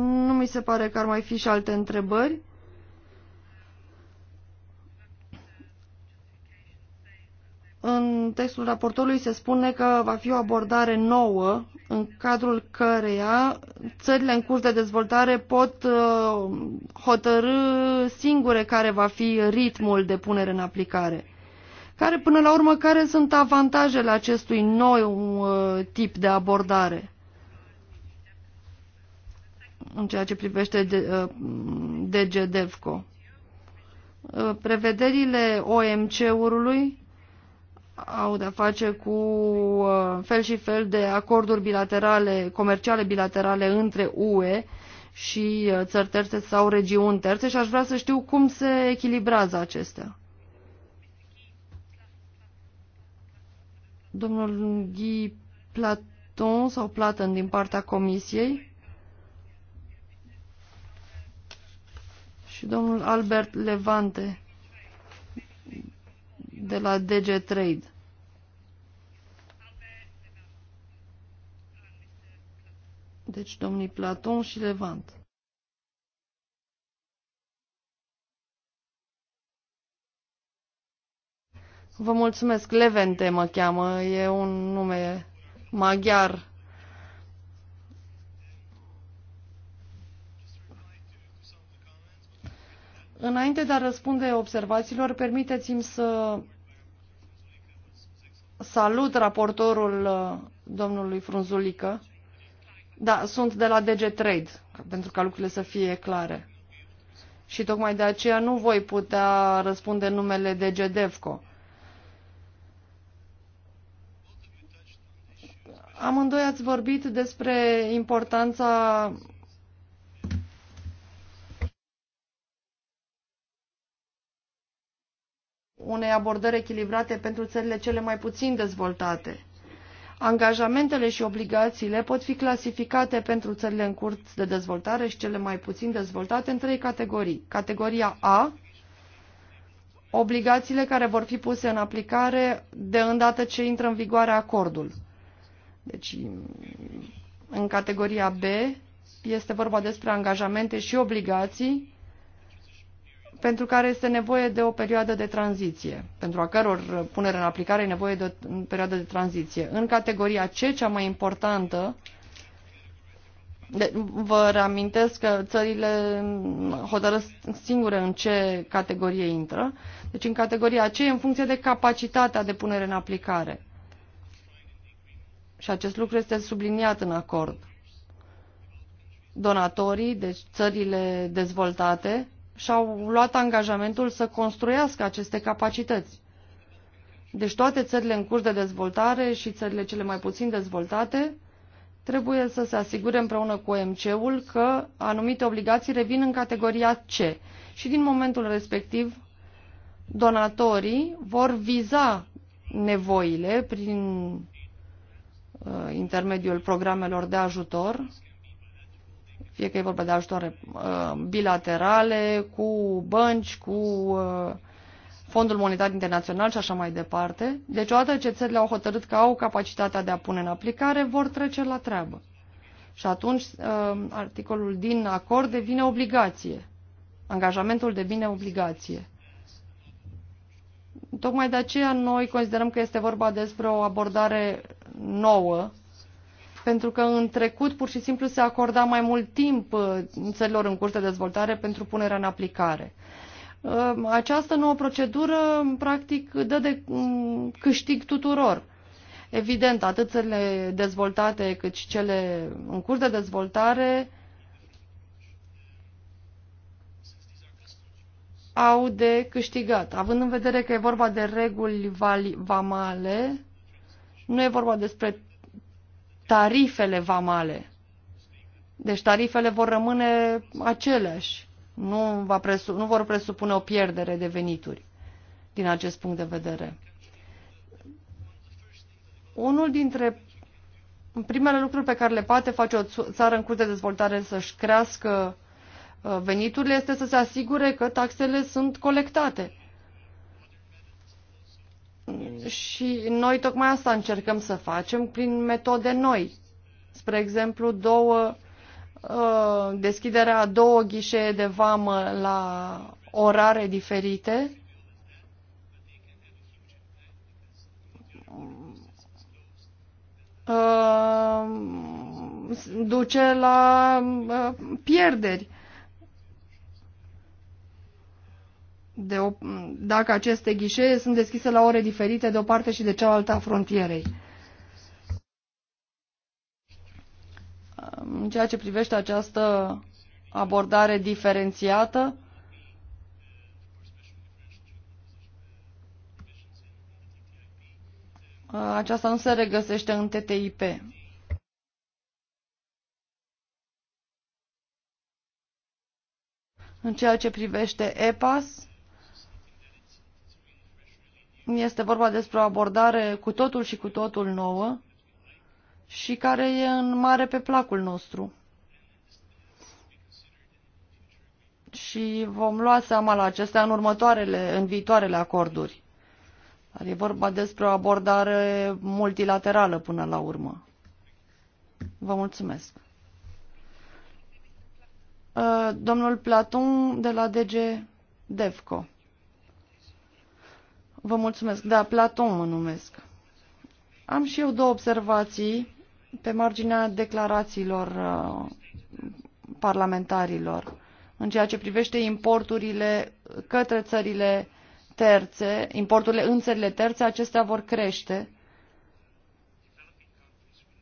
Nu mi se pare că ar mai fi și alte întrebări. În textul raportului se spune că va fi o abordare nouă în cadrul căreia țările în curs de dezvoltare pot uh, hotărâ singure care va fi ritmul de punere în aplicare. Care, până la urmă, care sunt avantajele acestui nou uh, tip de abordare? în ceea ce privește de, uh, DG DEVCO. Uh, prevederile OMC-ului au de-a face cu uh, fel și fel de acorduri bilaterale, comerciale bilaterale între UE și țări terțe sau regiuni terțe și aș vrea să știu cum se echilibrează acestea. Domnul Guy Platon sau Platon din partea Comisiei. și domnul Albert Levante de la DG Trade. Deci domnii Platon și Levant. Vă mulțumesc, Levente mă cheamă, e un nume maghiar Înainte de a răspunde observațiilor, permiteți-mi să salut raportorul uh, domnului Frunzulică. Da, sunt de la DG Trade, pentru ca lucrurile să fie clare. Și tocmai de aceea nu voi putea răspunde numele DG Devco. Amândoi ați vorbit despre importanța unei abordări echilibrate pentru țările cele mai puțin dezvoltate. Angajamentele și obligațiile pot fi clasificate pentru țările în curs de dezvoltare și cele mai puțin dezvoltate în trei categorii. Categoria A, obligațiile care vor fi puse în aplicare de îndată ce intră în vigoare acordul. Deci, în categoria B este vorba despre angajamente și obligații pentru care este nevoie de o perioadă de tranziție, pentru a căror punere în aplicare e nevoie de o perioadă de tranziție. În categoria C, cea mai importantă, de, vă reamintesc că țările hotărăsc singure în ce categorie intră. Deci în categoria C în funcție de capacitatea de punere în aplicare. Și acest lucru este subliniat în acord. Donatorii, deci țările dezvoltate, și-au luat angajamentul să construiască aceste capacități. Deci toate țările în curs de dezvoltare și țările cele mai puțin dezvoltate trebuie să se asigure împreună cu OMC-ul că anumite obligații revin în categoria C și din momentul respectiv donatorii vor viza nevoile prin uh, intermediul programelor de ajutor fie că e vorba de ajutoare uh, bilaterale, cu bănci, cu uh, Fondul Monetar Internațional și așa mai departe. Deci, odată ce țările au hotărât că au capacitatea de a pune în aplicare, vor trece la treabă. Și atunci, uh, articolul din acord devine obligație. Angajamentul devine obligație. Tocmai de aceea noi considerăm că este vorba despre o abordare nouă pentru că în trecut pur și simplu se acorda mai mult timp uh, țărilor în curs de dezvoltare pentru punerea în aplicare. Uh, această nouă procedură, practic, dă de um, câștig tuturor. Evident, atât țările dezvoltate cât și cele în curs de dezvoltare au de câștigat. Având în vedere că e vorba de reguli vamale, nu e vorba despre tarifele vamale. Deci tarifele vor rămâne aceleași. Nu, va presu- nu vor presupune o pierdere de venituri din acest punct de vedere. Unul dintre primele lucruri pe care le poate face o țară în curs de dezvoltare să-și crească uh, veniturile este să se asigure că taxele sunt colectate. Și noi tocmai asta încercăm să facem prin metode noi. Spre exemplu, două, uh, deschiderea a două ghișee de vamă la orare diferite. Uh, duce la uh, pierderi de o, dacă aceste ghișee sunt deschise la ore diferite de o parte și de cealaltă a frontierei. În ceea ce privește această abordare diferențiată, aceasta nu se regăsește în TTIP. În ceea ce privește EPAS, este vorba despre o abordare cu totul și cu totul nouă și care e în mare pe placul nostru. Și vom lua seama la acestea în următoarele, în viitoarele acorduri. Dar e vorba despre o abordare multilaterală până la urmă. Vă mulțumesc. Uh, domnul Platon de la DG DEVCO. Vă mulțumesc. Da, Platon mă numesc. Am și eu două observații pe marginea declarațiilor uh, parlamentarilor în ceea ce privește importurile către țările terțe, importurile în țările terțe, acestea vor crește.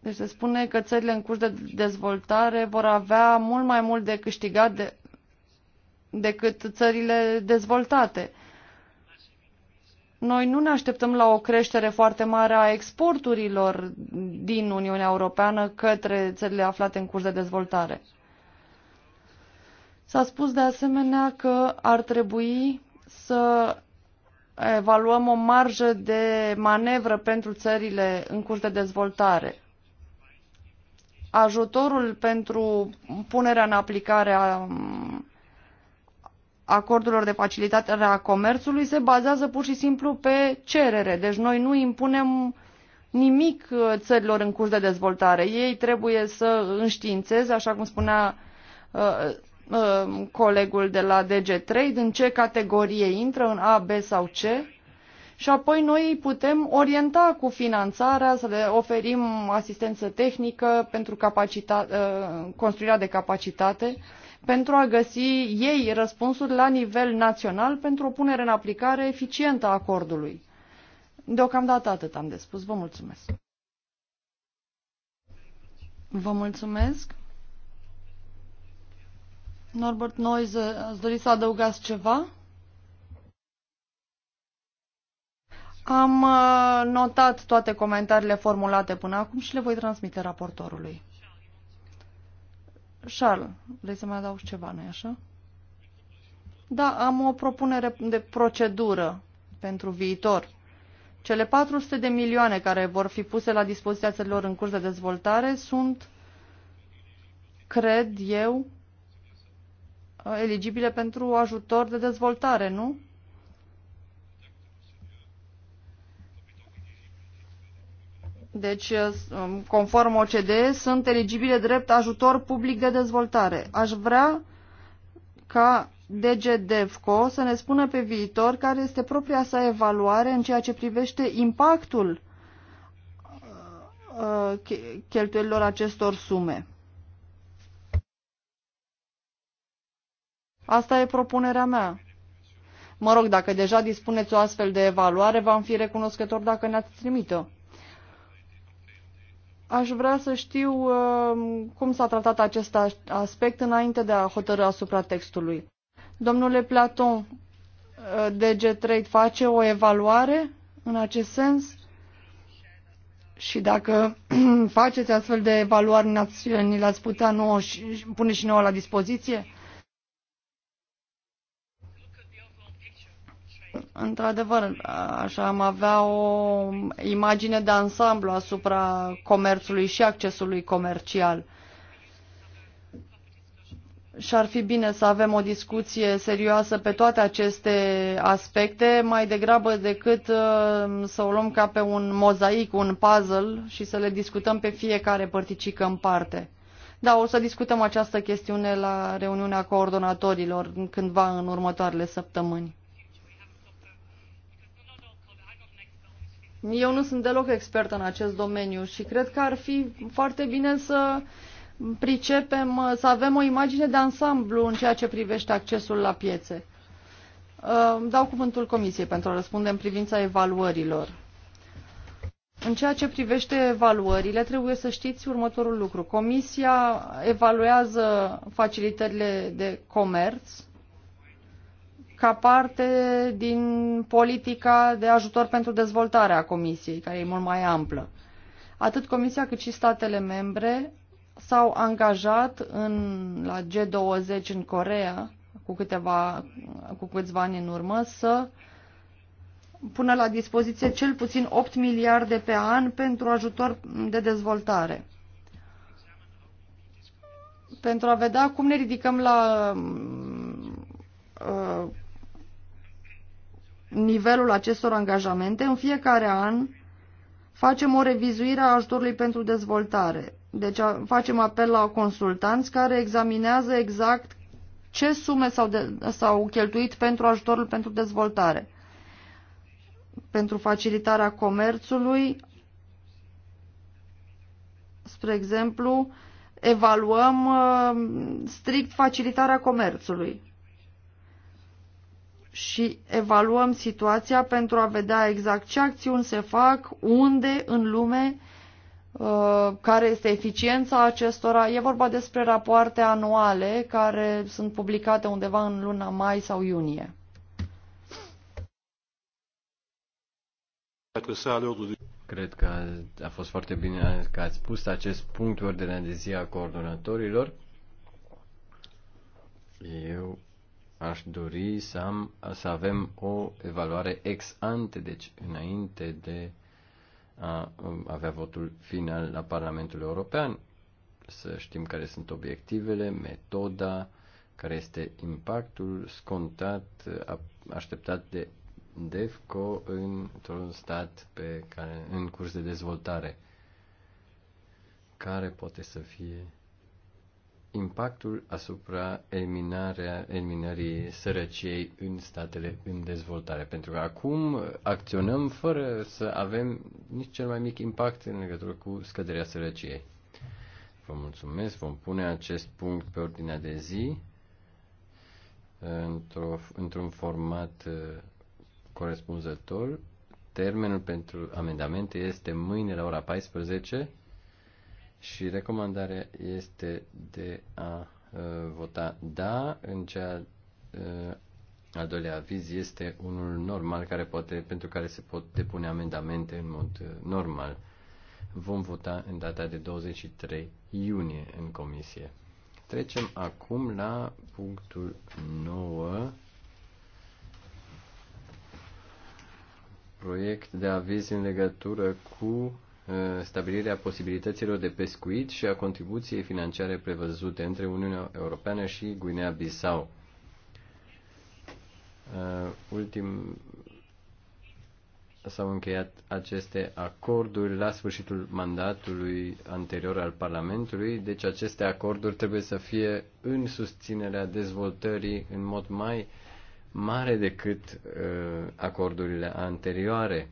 Deci se spune că țările în curs de dezvoltare vor avea mult mai mult de câștigat de, decât țările dezvoltate. Noi nu ne așteptăm la o creștere foarte mare a exporturilor din Uniunea Europeană către țările aflate în curs de dezvoltare. S-a spus de asemenea că ar trebui să evaluăm o marjă de manevră pentru țările în curs de dezvoltare. Ajutorul pentru punerea în aplicare a acordurilor de facilitare a comerțului se bazează pur și simplu pe cerere. Deci noi nu impunem nimic uh, țărilor în curs de dezvoltare. Ei trebuie să înștiințeze, așa cum spunea uh, uh, colegul de la DG Trade, în ce categorie intră, în A, B sau C. Și apoi noi îi putem orienta cu finanțarea, să le oferim asistență tehnică pentru capacita- construirea de capacitate pentru a găsi ei răspunsuri la nivel național pentru o punere în aplicare eficientă a acordului. Deocamdată atât am de spus. Vă mulțumesc. Vă mulțumesc. Norbert Noiz, ați dori să adăugați ceva? Am uh, notat toate comentariile formulate până acum și le voi transmite raportorului. Charles, vrei să mai adaugi ceva, nu-i așa? Da, am o propunere de procedură pentru viitor. Cele 400 de milioane care vor fi puse la dispoziția țărilor în curs de dezvoltare sunt, cred eu, eligibile pentru ajutor de dezvoltare, nu? deci eh, conform OCDE, sunt eligibile drept ajutor public de dezvoltare. Aș vrea ca DGDEFCO să ne spună pe viitor care este propria sa evaluare în ceea ce privește impactul eh, eh, cheltuielilor acestor sume. Asta e propunerea mea. Mă rog, dacă deja dispuneți o astfel de evaluare, v-am fi recunoscător dacă ne-ați trimit-o. Aș vrea să știu uh, cum s-a tratat acest aspect înainte de a hotărâ asupra textului. Domnule Platon, uh, DG Trade face o evaluare în acest sens? Și dacă faceți astfel de evaluare, ni le-ați putea nouă și, pune și nouă la dispoziție? într-adevăr, așa am avea o imagine de ansamblu asupra comerțului și accesului comercial. Și ar fi bine să avem o discuție serioasă pe toate aceste aspecte, mai degrabă decât uh, să o luăm ca pe un mozaic, un puzzle și să le discutăm pe fiecare părticică în parte. Da, o să discutăm această chestiune la reuniunea coordonatorilor cândva în următoarele săptămâni. Eu nu sunt deloc expert în acest domeniu și cred că ar fi foarte bine să pricepem, să avem o imagine de ansamblu în ceea ce privește accesul la piețe. Uh, dau cuvântul Comisiei pentru a răspunde în privința evaluărilor. În ceea ce privește evaluările, trebuie să știți următorul lucru. Comisia evaluează facilitățile de comerț ca parte din politica de ajutor pentru dezvoltare a Comisiei, care e mult mai amplă. Atât Comisia cât și statele membre s-au angajat în, la G20 în Corea cu, câteva, cu câțiva ani în urmă să pună la dispoziție cel puțin 8 miliarde pe an pentru ajutor de dezvoltare. Pentru a vedea cum ne ridicăm la uh, nivelul acestor angajamente, în fiecare an facem o revizuire a ajutorului pentru dezvoltare. Deci facem apel la consultanți care examinează exact ce sume s-au, au cheltuit pentru ajutorul pentru dezvoltare, pentru facilitarea comerțului. Spre exemplu, evaluăm uh, strict facilitarea comerțului și evaluăm situația pentru a vedea exact ce acțiuni se fac, unde în lume, uh, care este eficiența acestora. E vorba despre rapoarte anuale care sunt publicate undeva în luna mai sau iunie. Cred că a fost foarte bine că ați pus acest punct ordinea de zi a coordonatorilor. Eu aș dori să, am, să avem o evaluare ex ante, deci înainte de a avea votul final la Parlamentul European, să știm care sunt obiectivele, metoda, care este impactul scontat, așteptat de DEFCO într-un stat pe care, în curs de dezvoltare, care poate să fie impactul asupra eliminarea, eliminării sărăciei în statele în dezvoltare. Pentru că acum acționăm fără să avem nici cel mai mic impact în legătură cu scăderea sărăciei. Vă mulțumesc, vom pune acest punct pe ordinea de zi într-o, într-un format uh, corespunzător. Termenul pentru amendamente este mâine la ora 14 și recomandarea este de a uh, vota da în ceea uh, al doilea aviz este unul normal care poate, pentru care se pot depune amendamente în mod uh, normal. Vom vota în data de 23 iunie în comisie. Trecem acum la punctul 9. Proiect de aviz în legătură cu Uh, stabilirea posibilităților de pescuit și a contribuției financiare prevăzute între Uniunea Europeană și Guinea-Bissau. Uh, ultim, s-au încheiat aceste acorduri la sfârșitul mandatului anterior al Parlamentului, deci aceste acorduri trebuie să fie în susținerea dezvoltării în mod mai mare decât uh, acordurile anterioare.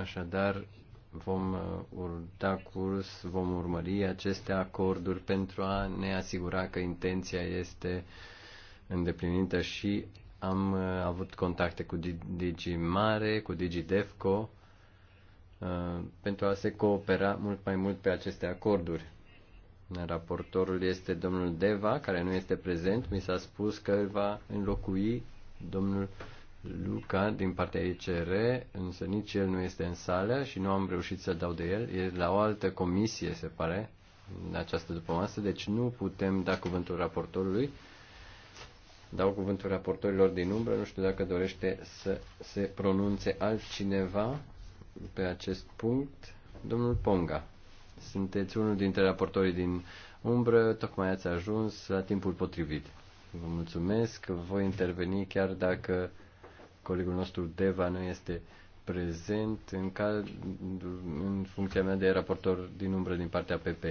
Așadar, vom uh, da curs, vom urmări aceste acorduri pentru a ne asigura că intenția este îndeplinită și am uh, avut contacte cu Digi Mare, cu Digi Defco, uh, pentru a se coopera mult mai mult pe aceste acorduri. Raportorul este domnul Deva, care nu este prezent. Mi s-a spus că îl va înlocui domnul Luca din partea ICR, însă nici el nu este în sală și nu am reușit să dau de el. E la o altă comisie, se pare, în această dupămasă, deci nu putem da cuvântul raportorului. Dau cuvântul raportorilor din umbră, nu știu dacă dorește să se pronunțe altcineva pe acest punct. Domnul Ponga, sunteți unul dintre raportorii din umbră, tocmai ați ajuns la timpul potrivit. Vă mulțumesc, voi interveni chiar dacă colegul nostru Deva nu este prezent în, cal, în funcția mea de raportor din umbră din partea PP.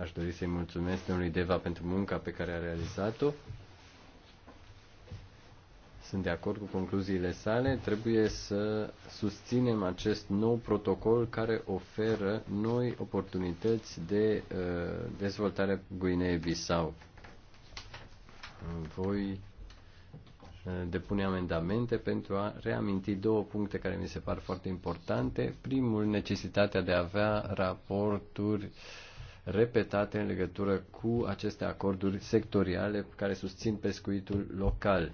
Aș dori să-i mulțumesc domnului Deva pentru munca pe care a realizat-o. Sunt de acord cu concluziile sale. Trebuie să susținem acest nou protocol care oferă noi oportunități de uh, dezvoltare guinei bissau Voi depune amendamente pentru a reaminti două puncte care mi se par foarte importante. Primul, necesitatea de a avea raporturi repetate în legătură cu aceste acorduri sectoriale care susțin pescuitul local.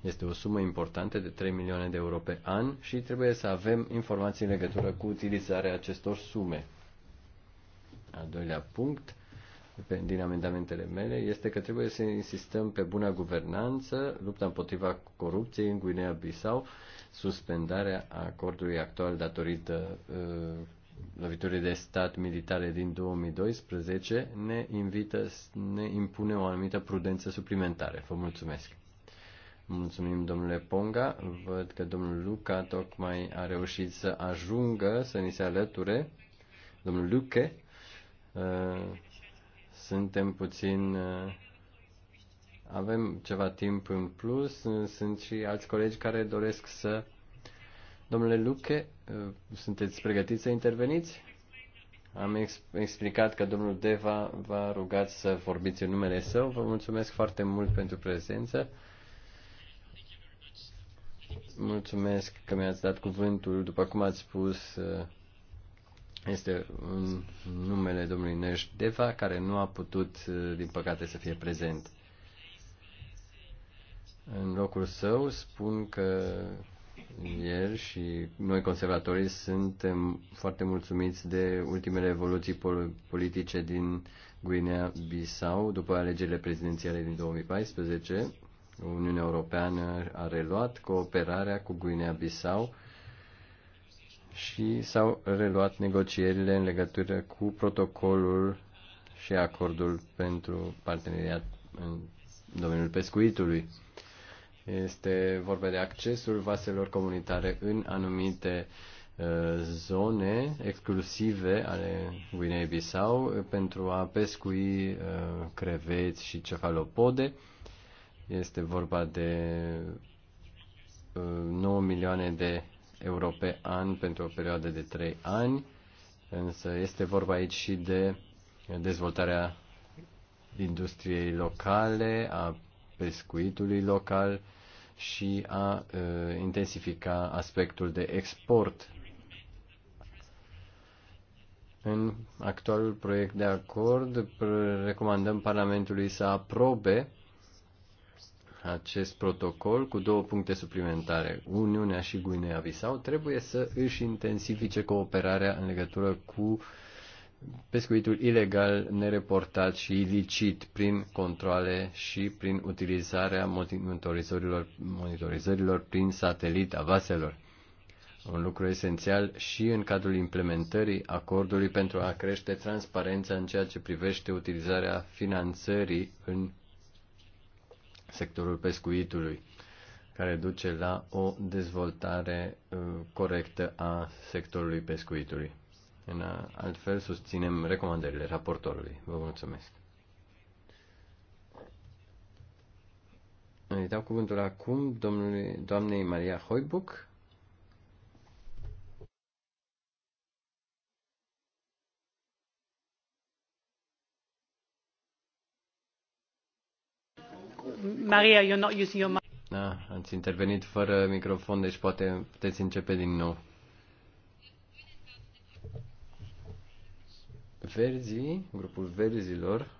Este o sumă importantă de 3 milioane de euro pe an și trebuie să avem informații în legătură cu utilizarea acestor sume. Al doilea punct, din amendamentele mele este că trebuie să insistăm pe buna guvernanță, lupta împotriva corupției în Guinea-Bissau, suspendarea acordului actual datorită uh, loviturii de stat militare din 2012 ne invită, ne impune o anumită prudență suplimentare. Vă mulțumesc! Mulțumim, domnule Ponga. Văd că domnul Luca tocmai a reușit să ajungă, să ni se alăture. Domnul Luke suntem puțin uh, avem ceva timp în plus, sunt și alți colegi care doresc să... Domnule Luche, uh, sunteți pregătiți să interveniți? Am explicat că domnul Deva v-a rugat să vorbiți în numele său. Vă mulțumesc foarte mult pentru prezență. Mulțumesc că mi-ați dat cuvântul. După cum ați spus, uh, este în numele domnului Neș Deva, care nu a putut, din păcate, să fie prezent. În locul său spun că ieri și noi conservatorii suntem foarte mulțumiți de ultimele evoluții politice din Guinea-Bissau după alegerile prezidențiale din 2014. Uniunea Europeană a reluat cooperarea cu Guinea-Bissau și s-au reluat negocierile în legătură cu protocolul și acordul pentru parteneriat în domeniul pescuitului. Este vorba de accesul vaselor comunitare în anumite uh, zone exclusive ale Guinei-Bissau pentru a pescui uh, creveți și cefalopode. Este vorba de 9 uh, milioane de european pentru o perioadă de 3 ani, însă este vorba aici și de dezvoltarea industriei locale, a pescuitului local și a uh, intensifica aspectul de export. În actualul proiect de acord recomandăm Parlamentului să aprobe acest protocol cu două puncte suplimentare. Uniunea și Guinea-Bissau trebuie să își intensifice cooperarea în legătură cu pescuitul ilegal, nereportat și ilicit prin controle și prin utilizarea monitorizărilor, monitorizărilor prin satelit a vaselor. Un lucru esențial și în cadrul implementării acordului pentru a crește transparența în ceea ce privește utilizarea finanțării în sectorul pescuitului, care duce la o dezvoltare uh, corectă a sectorului pescuitului. În uh, altfel, susținem recomandările raportorului. Vă mulțumesc. Îi dau cuvântul acum domnului, doamnei Maria Hoibuc Maria, you're not using your mic. Da, ați intervenit fără microfon, deci poate puteți începe din nou. Verzii, grupul verzilor,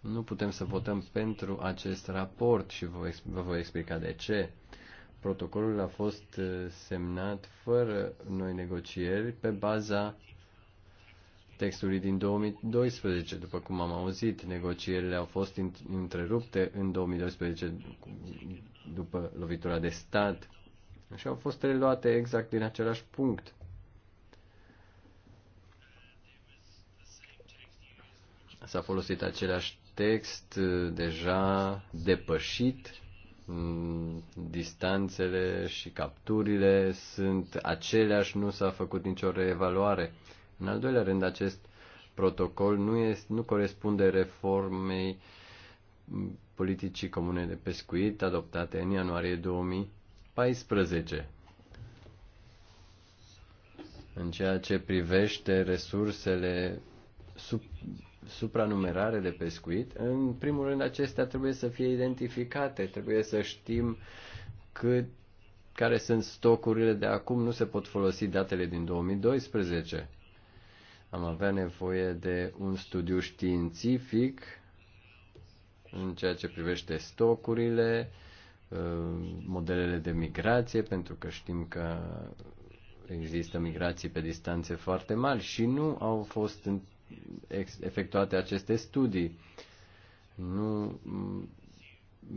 nu putem să votăm pentru acest raport și vă voi explica de ce. Protocolul a fost eh, semnat fără noi negocieri pe baza textului din 2012. După cum am auzit, negocierile au fost întrerupte în 2012 după lovitura de stat și au fost reluate exact din același punct. S-a folosit același text deja depășit, mm, distanțele și capturile sunt aceleași, nu s-a făcut nicio reevaluare în al doilea rând, acest protocol nu, este, nu corespunde reformei politicii comune de pescuit adoptate în ianuarie 2014. În ceea ce privește resursele sub, supranumerare de pescuit, în primul rând acestea trebuie să fie identificate, trebuie să știm cât, care sunt stocurile de acum, nu se pot folosi datele din 2012 am avea nevoie de un studiu științific în ceea ce privește stocurile, uh, modelele de migrație, pentru că știm că există migrații pe distanțe foarte mari și nu au fost efectuate aceste studii. Nu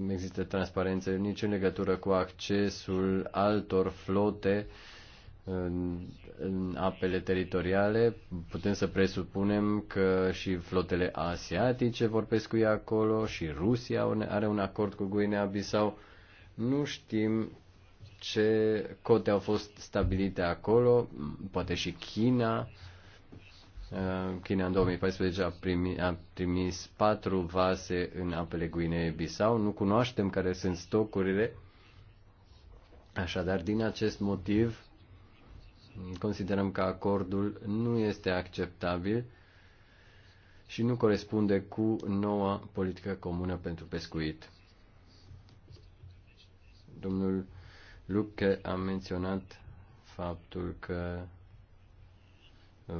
există transparență nici în legătură cu accesul altor flote uh, în, în apele teritoriale. Putem să presupunem că și flotele asiatice vor pescui acolo și Rusia are un acord cu Guinea-Bissau. Nu știm ce cote au fost stabilite acolo, poate și China. Uh, China în 2014 a, primi, a trimis patru vase în apele Guinei-Bissau. Nu cunoaștem care sunt stocurile. Așadar, din acest motiv, considerăm că acordul nu este acceptabil și nu corespunde cu noua politică comună pentru pescuit. Domnul Luke a menționat faptul că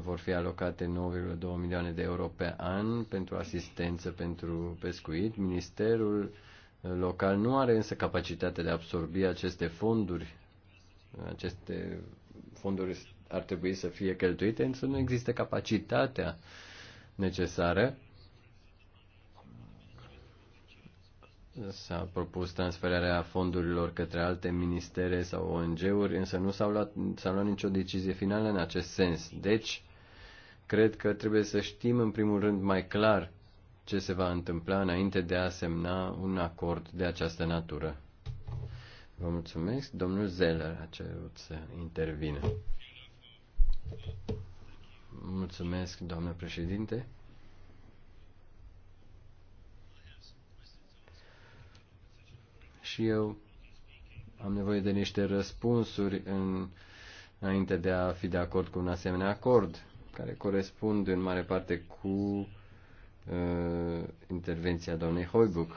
vor fi alocate 9,2 milioane de euro pe an pentru asistență pentru pescuit. Ministerul local nu are însă capacitatea de a absorbi aceste fonduri, aceste fonduri ar trebui să fie cheltuite, însă nu există capacitatea necesară. S-a propus transferarea fondurilor către alte ministere sau ONG-uri, însă nu s-a luat, s-a luat nicio decizie finală în acest sens. Deci, cred că trebuie să știm în primul rând mai clar ce se va întâmpla înainte de a semna un acord de această natură. Vă mulțumesc. Domnul Zeller a cerut să intervine. Mulțumesc, doamnă președinte. Și eu am nevoie de niște răspunsuri în, înainte de a fi de acord cu un asemenea acord, care corespund în mare parte cu uh, intervenția doamnei Hoibuch.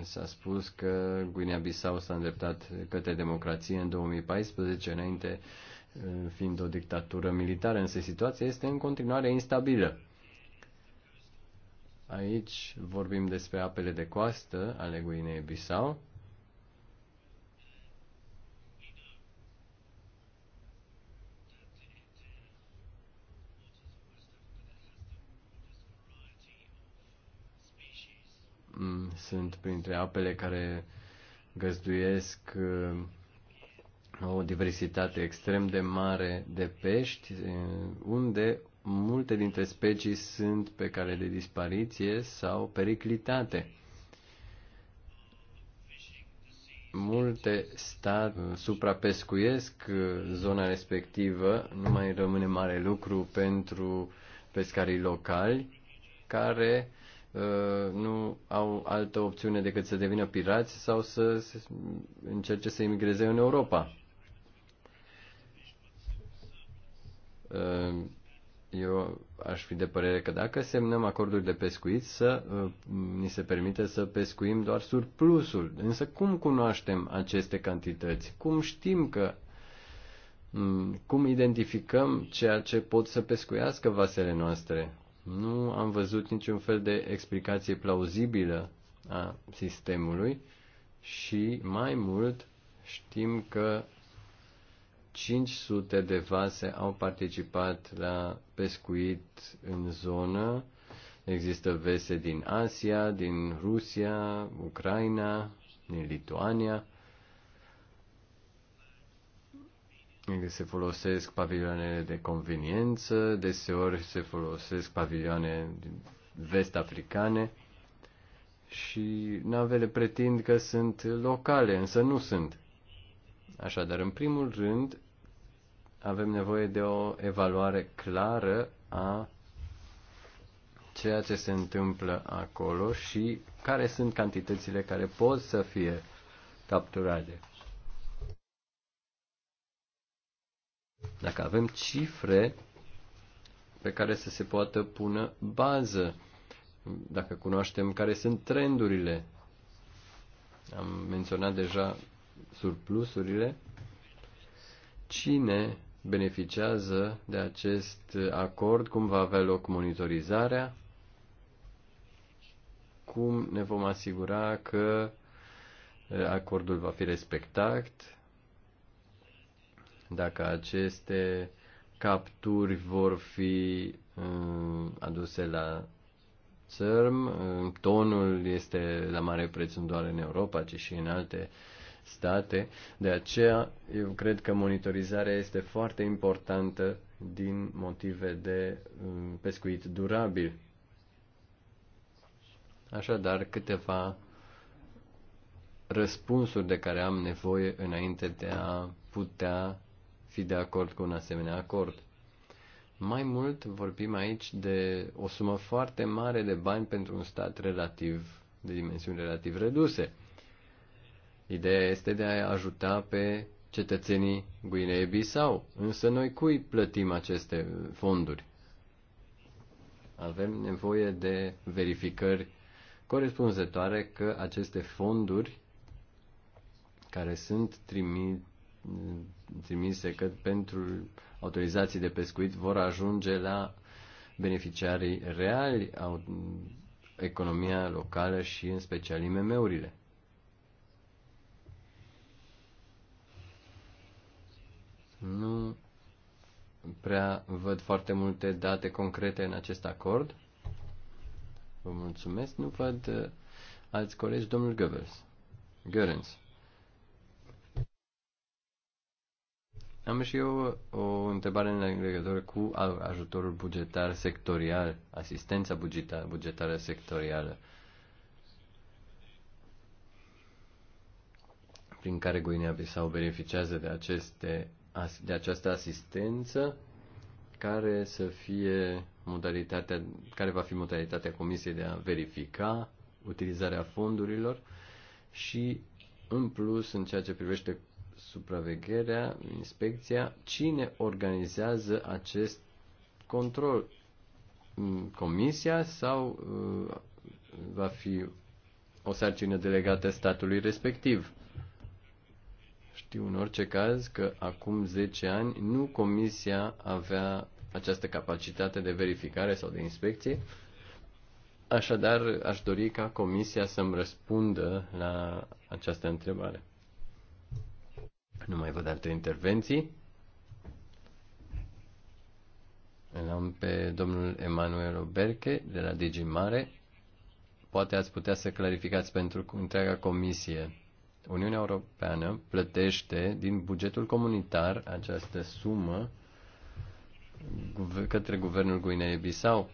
S-a spus că Guinea-Bissau s-a îndreptat către democrație în 2014, înainte uh, fiind o dictatură militară, însă situația este în continuare instabilă. Aici vorbim despre apele de coastă ale Guinei-Bissau, Mm, sunt printre apele care găzduiesc uh, o diversitate extrem de mare de pești, uh, unde multe dintre specii sunt pe cale de dispariție sau periclitate. Multe state uh, suprapescuiesc zona respectivă, nu mai rămâne mare lucru pentru pescarii locali care Uh, nu au altă opțiune decât să devină pirați sau să încerce să imigreze în Europa. Uh, eu aș fi de părere că dacă semnăm acorduri de pescuit, să uh, ni se permite să pescuim doar surplusul. Însă cum cunoaștem aceste cantități? Cum știm că mm, cum identificăm ceea ce pot să pescuiască vasele noastre? Nu am văzut niciun fel de explicație plauzibilă a sistemului și mai mult știm că 500 de vase au participat la pescuit în zonă. Există vese din Asia, din Rusia, Ucraina, din Lituania se folosesc pavilioane de conveniență, deseori se folosesc pavilioane vest-africane și navele pretind că sunt locale, însă nu sunt. Așadar, în primul rând, avem nevoie de o evaluare clară a ceea ce se întâmplă acolo și care sunt cantitățile care pot să fie capturate. Dacă avem cifre pe care să se poată pună bază, dacă cunoaștem care sunt trendurile, am menționat deja surplusurile, cine beneficiază de acest acord, cum va avea loc monitorizarea, cum ne vom asigura că acordul va fi respectat, dacă aceste capturi vor fi uh, aduse la țărm, uh, tonul este la mare preț nu doar în Europa, ci și în alte state. De aceea, eu cred că monitorizarea este foarte importantă din motive de uh, pescuit durabil. Așadar, câteva răspunsuri de care am nevoie înainte de a putea fi de acord cu un asemenea acord. Mai mult vorbim aici de o sumă foarte mare de bani pentru un stat relativ, de dimensiuni relativ reduse. Ideea este de a ajuta pe cetățenii Guinei-Bissau, însă noi cui plătim aceste fonduri? Avem nevoie de verificări corespunzătoare că aceste fonduri care sunt trimi, trimise că pentru autorizații de pescuit vor ajunge la beneficiarii reali au economia locală și în special IMM-urile. Nu prea văd foarte multe date concrete în acest acord. Vă mulțumesc. Nu văd uh, alți colegi, domnul Goebbels. Görens. Am și eu uh, o întrebare în legătură cu ajutorul bugetar sectorial, asistența bugetară, bugetară sectorială, prin care Guinea-Bissau beneficiază de, aceste, de această asistență, care să fie modalitatea, care va fi modalitatea Comisiei de a verifica utilizarea fondurilor și, în plus, în ceea ce privește supravegherea, inspecția, cine organizează acest control? Mm, comisia sau uh, va fi o sarcină delegată statului respectiv? Știu în orice caz că acum 10 ani nu Comisia avea această capacitate de verificare sau de inspecție. Așadar, aș dori ca Comisia să-mi răspundă la această întrebare. Nu mai văd alte intervenții. Îl am pe domnul Emanuel Oberche de la Mare, Poate ați putea să clarificați pentru întreaga comisie. Uniunea Europeană plătește din bugetul comunitar această sumă către guvernul Guinei-Bissau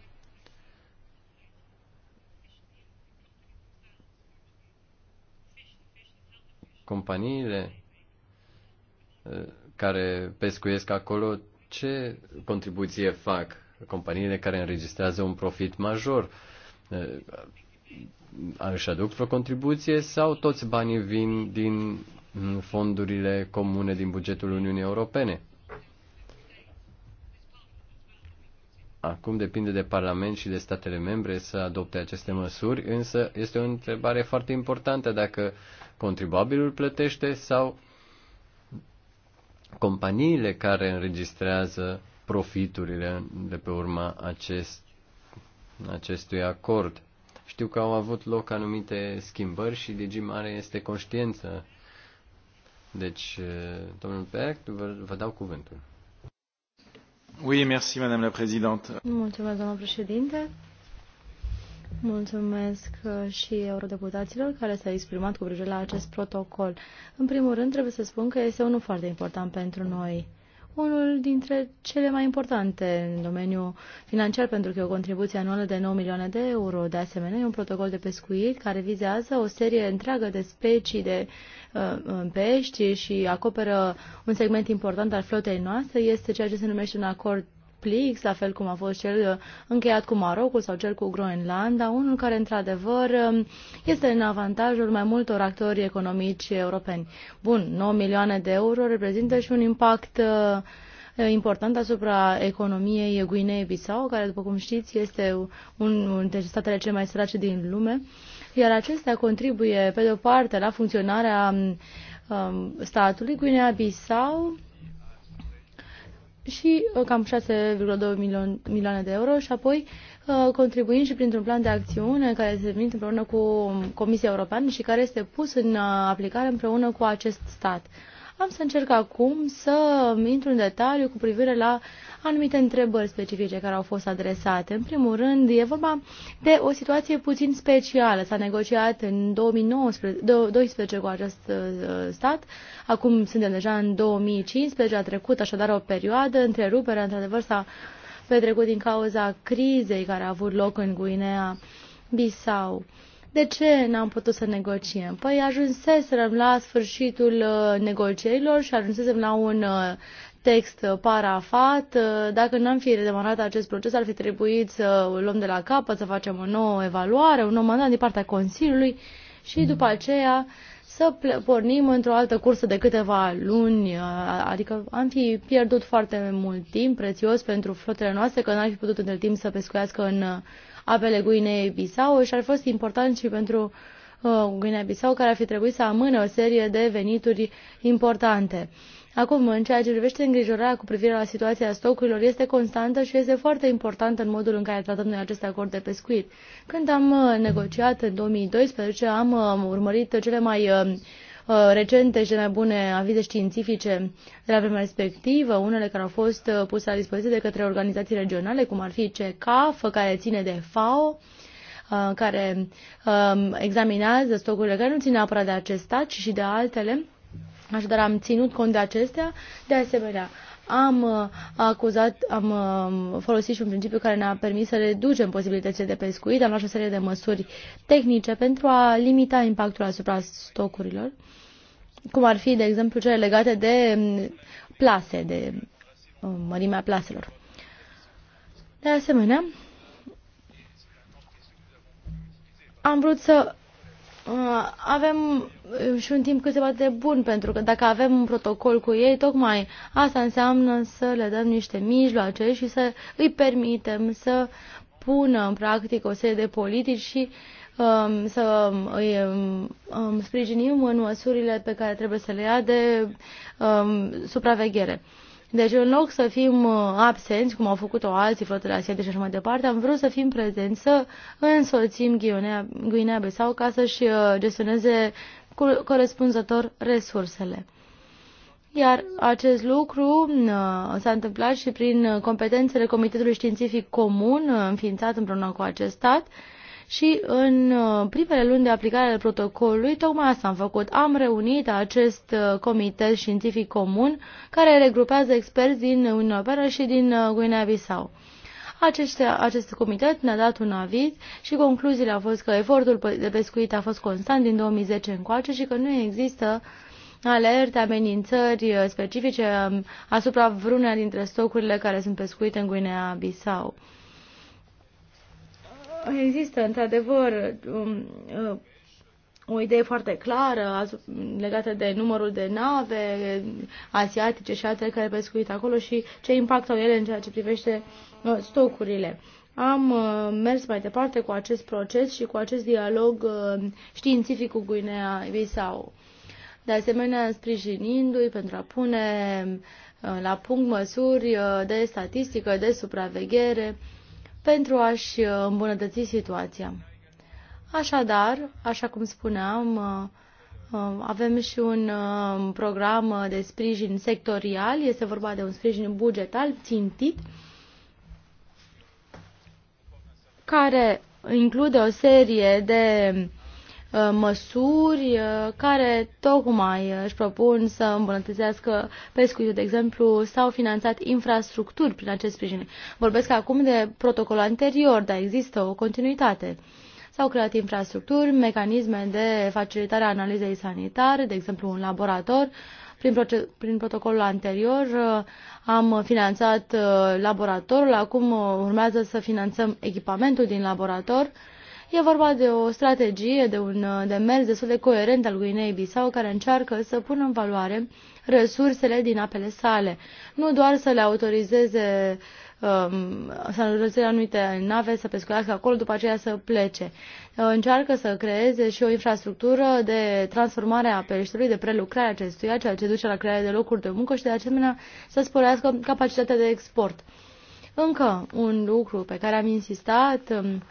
companiile care pescuiesc acolo, ce contribuție fac? Companiile care înregistrează un profit major își aduc vreo contribuție sau toți banii vin din fondurile comune din bugetul Uniunii Europene? Acum depinde de Parlament și de statele membre să adopte aceste măsuri, însă este o întrebare foarte importantă dacă contribuabilul plătește sau uh, companiile care înregistrează profiturile de pe urma acest, acestui acord. Știu că au avut loc anumite schimbări și DG Mare este conștiență. Deci, eh, domnul Peck, vă, vă dau cuvântul. Oui, merci, madame la présidente. Mulțumesc, doamnă președinte. Mulțumesc uh, și eurodeputaților care s-au exprimat cu privire la acest protocol. În primul rând, trebuie să spun că este unul foarte important pentru noi. Unul dintre cele mai importante în domeniul financiar, pentru că e o contribuție anuală de 9 milioane de euro. De asemenea, e un protocol de pescuit care vizează o serie întreagă de specii de uh, pești și acoperă un segment important al flotei noastre. Este ceea ce se numește un acord Plix, la fel cum a fost cel uh, încheiat cu Marocul sau cel cu Groenlanda, unul care, într-adevăr, um, este în avantajul mai multor actori economici europeni. Bun, 9 milioane de euro reprezintă și un impact uh, important asupra economiei Guinei-Bissau, care, după cum știți, este unul dintre statele cele mai sărace din lume, iar acestea contribuie, pe de o parte, la funcționarea um, statului Guinea-Bissau, și uh, cam 6,2 milioane de euro și apoi uh, contribuim și printr-un plan de acțiune care se vin împreună cu Comisia Europeană și care este pus în uh, aplicare împreună cu acest stat. Am să încerc acum să intru în detaliu cu privire la anumite întrebări specifice care au fost adresate. În primul rând, e vorba de o situație puțin specială. S-a negociat în 2012 cu acest uh, stat, acum suntem deja în 2015, a trecut așadar o perioadă, întreruperea într-adevăr s-a petrecut din cauza crizei care a avut loc în Guinea Bissau. De ce n-am putut să negociem? Păi ajunsesem la sfârșitul uh, negocierilor și ajunsesem la un uh, text parafat. Dacă n-am fi redemarat acest proces, ar fi trebuit să o luăm de la capăt, să facem o nouă evaluare, un nou mandat din partea Consiliului și mm. după aceea să pornim într-o altă cursă de câteva luni, adică am fi pierdut foarte mult timp prețios pentru flotele noastre, că n-ar fi putut între timp să pescuiască în uh, apele Guinei Bissau și ar fi fost important și pentru uh, Guinea Bissau, care ar fi trebuit să amână o serie de venituri importante. Acum, în ceea ce privește îngrijorarea cu privire la situația stocurilor, este constantă și este foarte importantă în modul în care tratăm noi acest acord de pescuit. Când am uh, negociat în 2012, am um, urmărit cele mai um, uh, recente și cele mai bune avize științifice de la vremea respectivă, unele care au fost uh, puse la dispoziție de către organizații regionale, cum ar fi CECAF, care ține de FAO, care um, examinează stocurile care nu țin neapărat de acest stat, ci și de altele Așadar, am ținut cont de acestea. De asemenea, am uh, acuzat, am uh, folosit și un principiu care ne-a permis să reducem posibilitățile de pescuit, am luat o serie de măsuri tehnice pentru a limita impactul asupra stocurilor, cum ar fi, de exemplu, cele legate de um, plase, de um, mărimea plaselor. De asemenea, am vrut să Uh, avem uh, și un timp cât se poate bun, pentru că dacă avem un protocol cu ei, tocmai asta înseamnă să le dăm niște mijloace și să îi permitem să pună în practică o serie de politici și um, să îi um, um sprijinim în măsurile pe care trebuie să le ia de um, supraveghere. Deci, în loc să fim uh, absenți, cum au făcut-o alții, flotele asiatice și așa mai departe, am vrut să fim prezenți, să însoțim Guinea-Bissau ca să-și uh, gestioneze corespunzător resursele. Iar acest lucru uh, s-a întâmplat și prin competențele Comitetului Științific Comun înființat împreună cu acest stat, și în uh, primele luni de aplicare al protocolului, tocmai asta am făcut. Am reunit acest uh, comitet științific comun care regrupează experți din Uniunea Europeană și din uh, Guinea-Bissau. Aceste, acest comitet ne-a dat un aviz și concluziile au fost că efortul de pescuit a fost constant din 2010 încoace și că nu există alerte, amenințări specifice um, asupra vreuna dintre stocurile care sunt pescuite în Guinea-Bissau. Există, într-adevăr, um, uh, o idee foarte clară legată de numărul de nave asiatice și altele care pescuit acolo și ce impact au ele în ceea ce privește uh, stocurile. Am uh, mers mai departe cu acest proces și cu acest dialog științific cu Guinea Bissau. De asemenea, sprijinindu-i pentru a pune la punct măsuri de statistică, de supraveghere, pentru a-și uh, îmbunătăți situația. Așadar, așa cum spuneam, uh, uh, avem și un program de sprijin sectorial, este vorba de un sprijin bugetal țintit, care include o serie de Uh, măsuri uh, care tocmai uh, își propun să îmbunătățească pescuitul, de exemplu, s-au finanțat infrastructuri prin acest sprijin. Vorbesc acum de protocolul anterior, dar există o continuitate. S-au creat infrastructuri, mecanisme de facilitare a analizei sanitare, de exemplu un laborator. Prin, prin protocolul anterior am finanțat laboratorul, acum urmează să finanțăm echipamentul din laborator E vorba de o strategie, de un uh, demers destul de coerent al Guinei-Bissau care încearcă să pună în valoare resursele din apele sale, nu doar să le autorizeze um, să înrățele anumite nave, să pescuiască acolo, după aceea să plece. Uh, încearcă să creeze și o infrastructură de transformare a peștelui, de prelucrare a acestuia, ceea ce duce la crearea de locuri de muncă și de asemenea să sporească capacitatea de export. Încă un lucru pe care am insistat um,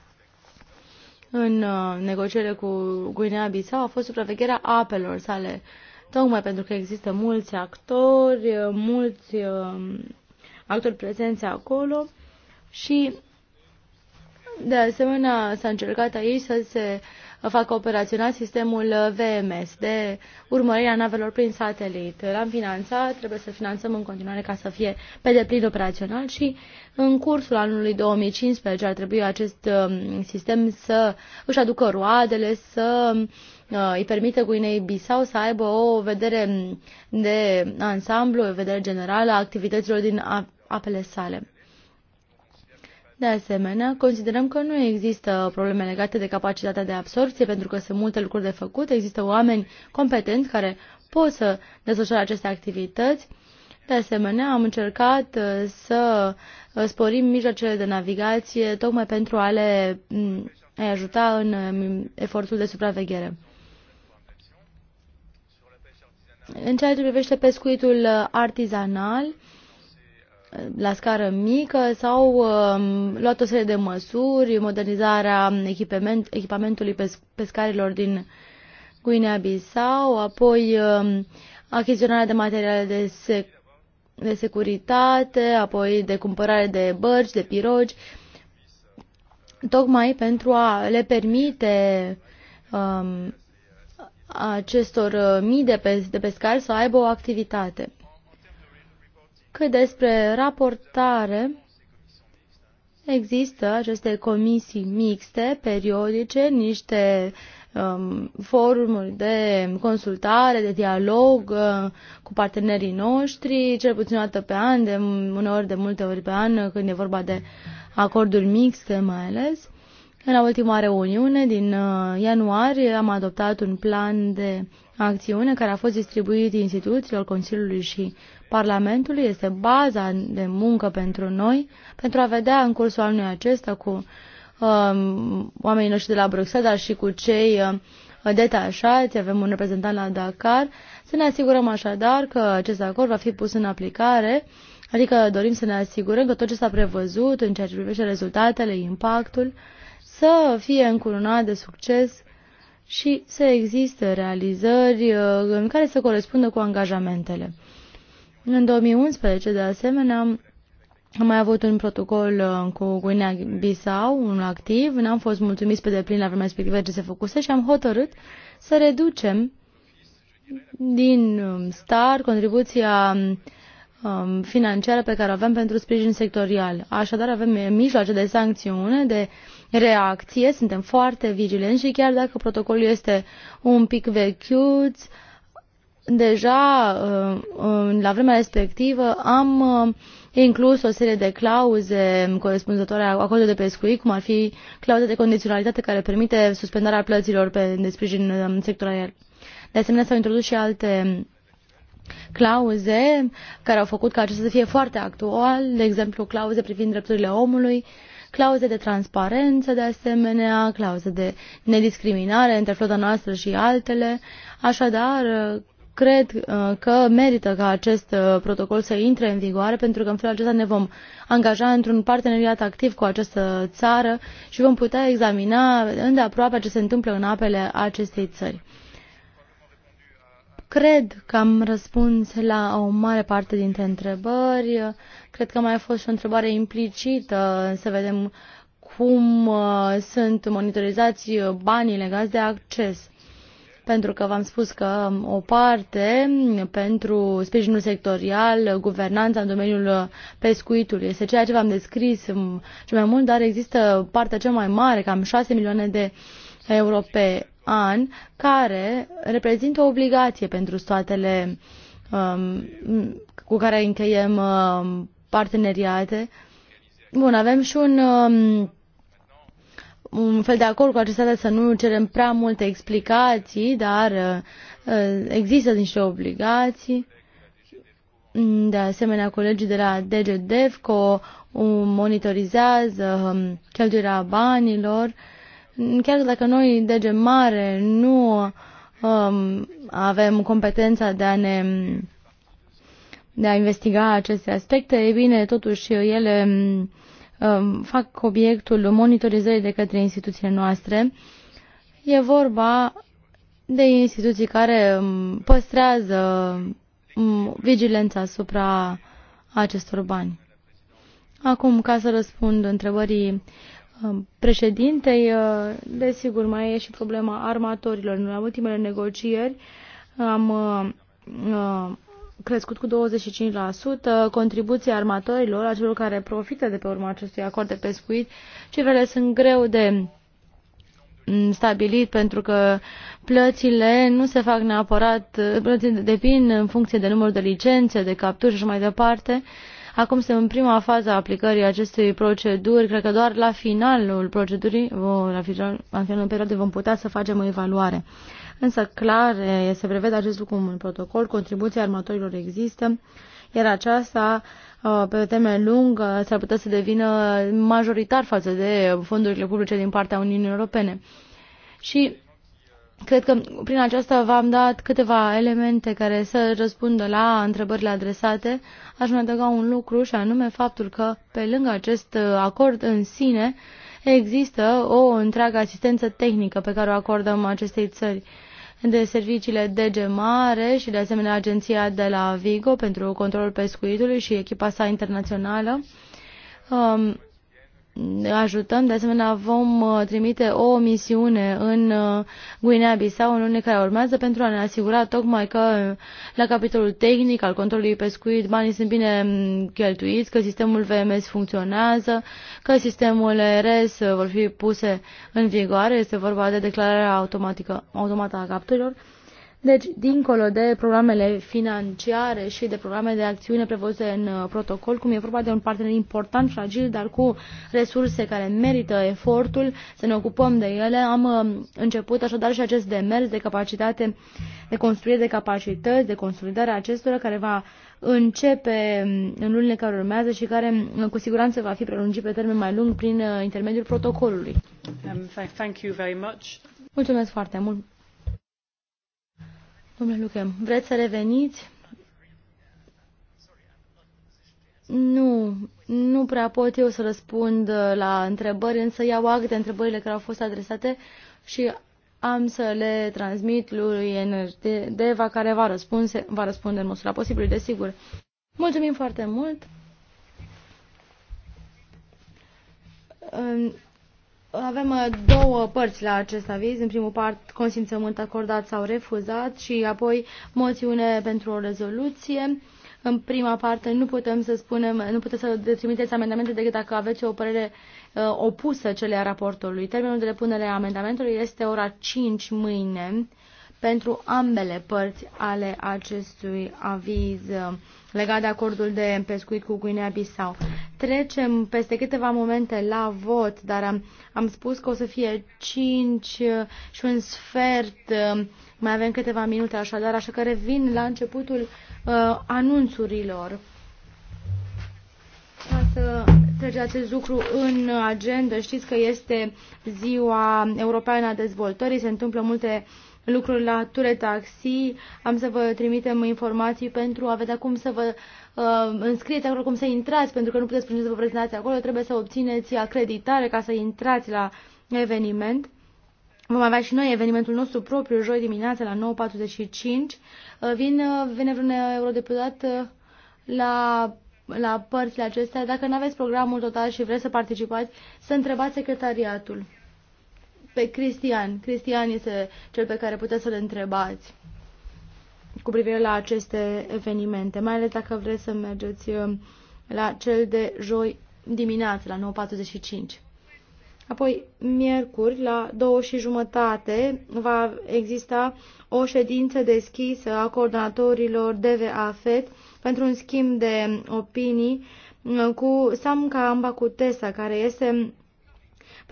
în uh, negocierile cu Guinea-Bissau a fost supravegherea apelor sale, tocmai pentru că există mulți actori, uh, mulți um, actori prezenți acolo și de asemenea s-a încercat aici să se uh, facă operațional sistemul VMS de urmărire a navelor prin satelit. L-am finanțat, trebuie să finanțăm în continuare ca să fie pe deplin operațional și în cursul anului 2015 ar trebui acest um, sistem să își aducă roadele, să uh, îi permite Guinei Bissau să aibă o vedere de ansamblu, o vedere generală a activităților din apele sale. De asemenea, considerăm că nu există probleme legate de capacitatea de absorpție, pentru că sunt multe lucruri de făcut, există oameni competenți care pot să desfășoare aceste activități. De asemenea, am încercat uh, să uh, sporim mijloacele de navigație tocmai pentru a le mm, a ajuta în mm, efortul de supraveghere. În ceea ce privește pescuitul uh, artizanal, la scară mică, s-au um, luat o serie de măsuri, modernizarea echipament, echipamentului pes, pescarilor din Guinea-Bissau, apoi uh, achiziționarea de materiale de, sec, de securitate, apoi de cumpărare de bărci, de pirogi, tocmai pentru a le permite um, acestor uh, mii de, pes- de pescari să aibă o activitate cât despre raportare, există aceste comisii mixte, periodice, niște um, forumuri de consultare, de dialog uh, cu partenerii noștri, cel puțin o dată pe an, de uneori de multe ori pe an, când e vorba de acorduri mixte mai ales. În la ultima reuniune din uh, ianuarie am adoptat un plan de acțiune care a fost distribuit instituțiilor Consiliului și Parlamentului este baza de muncă pentru noi, pentru a vedea în cursul anului acesta cu uh, oamenii noștri de la Bruxelles, dar și cu cei uh, detașați, avem un reprezentant la Dakar, să ne asigurăm așadar că acest acord va fi pus în aplicare, adică dorim să ne asigurăm că tot ce s-a prevăzut în ceea ce privește rezultatele, impactul, să fie încurunat de succes și să existe realizări uh, în care să corespundă cu angajamentele. În 2011, de asemenea, am mai avut un protocol uh, cu Guinea Bissau, unul activ, n-am fost mulțumiți pe deplin la vremea respectivă ce se făcuse și am hotărât să reducem din um, STAR contribuția um, financiară pe care o avem pentru sprijin sectorial. Așadar, avem mijloace de sancțiune, de reacție, suntem foarte vigilenți și chiar dacă protocolul este un pic vechiuț, deja uh, la vremea respectivă am uh, inclus o serie de clauze corespunzătoare acordului de pescuit, cum ar fi clauza de condiționalitate care permite suspendarea plăților pe, de sprijin um, sectorial. De asemenea, s-au introdus și alte clauze care au făcut ca acesta să fie foarte actual, de exemplu clauze privind drepturile omului, clauze de transparență de asemenea, clauze de nediscriminare între flota noastră și altele. Așadar, cred uh, că merită ca acest uh, protocol să intre în vigoare pentru că în felul acesta ne vom angaja într-un parteneriat activ cu această țară și vom putea examina îndeaproape ce se întâmplă în apele acestei țări. Cred că am răspuns la o mare parte dintre întrebări. Cred că mai a fost și o întrebare implicită, să vedem cum uh, sunt monitorizați banii legați de acces pentru că v-am spus că o parte pentru sprijinul sectorial, guvernanța în domeniul pescuitului, este ceea ce v-am descris și mai mult, dar există partea cea mai mare, cam 6 milioane de euro pe an, care reprezintă o obligație pentru statele um, cu care încheiem um, parteneriate. Bun, avem și un um, un fel de acord cu acestea să nu cerem prea multe explicații, dar uh, există niște obligații. De asemenea, colegii de la DGDEFCO monitorizează um, cheltuirea banilor. Chiar dacă noi, DG Mare, nu um, avem competența de a ne de a investiga aceste aspecte, e bine, totuși ele Um, fac obiectul monitorizării de către instituțiile noastre. E vorba de instituții care um, păstrează um, vigilența asupra acestor bani. Acum, ca să răspund întrebării președintei, uh, desigur, mai e și problema armatorilor. La ultimele negocieri am uh, uh, crescut cu 25%, contribuția armatorilor, a celor care profită de pe urma acestui acord de pescuit, cifrele sunt greu de stabilit pentru că plățile nu se fac neapărat, plățile depind în funcție de numărul de licențe, de capturi și mai departe. Acum suntem în prima fază a aplicării acestei proceduri. Cred că doar la finalul procedurii, la finalul perioadei, vom putea să facem o evaluare însă clar se prevede acest lucru în protocol, contribuția armatorilor există, iar aceasta uh, pe termen lung uh, s-ar putea să devină majoritar față de fondurile publice din partea Uniunii Europene. Și cred că prin aceasta v-am dat câteva elemente care să răspundă la întrebările adresate. Aș mai adăuga un lucru și anume faptul că pe lângă acest uh, acord în sine, există o întreagă asistență tehnică pe care o acordăm acestei țări de serviciile DG Mare și de asemenea agenția de la Vigo pentru controlul pescuitului și echipa sa internațională. Um, ajutăm. De asemenea, vom uh, trimite o misiune în uh, Guinea-Bissau în lunile care urmează pentru a ne asigura tocmai că uh, la capitolul tehnic al controlului pescuit banii sunt bine mm, cheltuiți, că sistemul VMS funcționează, că sistemul RS vor fi puse în vigoare. Este vorba de declararea automatică, automată a capturilor deci, dincolo de programele financiare și de programe de acțiune prevăzute în uh, protocol, cum e vorba de un partener important, fragil, dar cu resurse care merită efortul, să ne ocupăm de ele, am uh, început așadar și acest demers de capacitate, de construire de capacități, de consolidare a acestora, care va începe mm, în lunile care urmează și care mm, cu siguranță va fi prelungit pe termen mai lung prin uh, intermediul protocolului. Um, thank you very much. Mulțumesc foarte mult. Domnule Lucrem, vreți să reveniți? Nu, nu prea pot eu să răspund uh, la întrebări, însă iau act de întrebările care au fost adresate și am să le transmit lui Deva, care va răspunde, va răspunde în măsura posibilă, desigur. Mulțumim foarte mult! Avem uh, două părți la acest aviz. În primul part, consimțământ acordat sau refuzat și apoi moțiune pentru o rezoluție. În prima parte nu putem să spunem, nu puteți să trimiteți amendamente decât dacă aveți o părere uh, opusă cele a raportului. Termenul de depunere a amendamentului este ora 5 mâine pentru ambele părți ale acestui aviz uh, legat de acordul de pescuit cu Guinea-Bissau trecem peste câteva momente la vot, dar am, am spus că o să fie 5 uh, și un sfert, uh, mai avem câteva minute așadar, așa că revin la începutul uh, anunțurilor. Ca să trece acest lucru în agenda, știți că este ziua europeană a dezvoltării, se întâmplă multe lucruri la ture taxi, am să vă trimitem informații pentru a vedea cum să vă uh, uh, înscrieți acolo cum să intrați, pentru că nu puteți prinde să vă prezentați acolo, trebuie să obțineți acreditare ca să intrați la eveniment. Vom avea și noi evenimentul nostru propriu, joi dimineața la 9.45. Uh, vin, uh, vine vreun eurodeputat uh, la, la părțile acestea. Dacă nu aveți programul total și vreți să participați, să întrebați secretariatul. Pe Cristian. Cristian este cel pe care puteți să-l întrebați cu privire la aceste evenimente, mai ales dacă vreți să mergeți uh, la cel de joi dimineață, la 9.45. Apoi, miercuri, la două și jumătate, va exista o ședință deschisă a coordonatorilor DVAFET pentru un schimb de opinii uh, cu Sam Ambacutesa, care este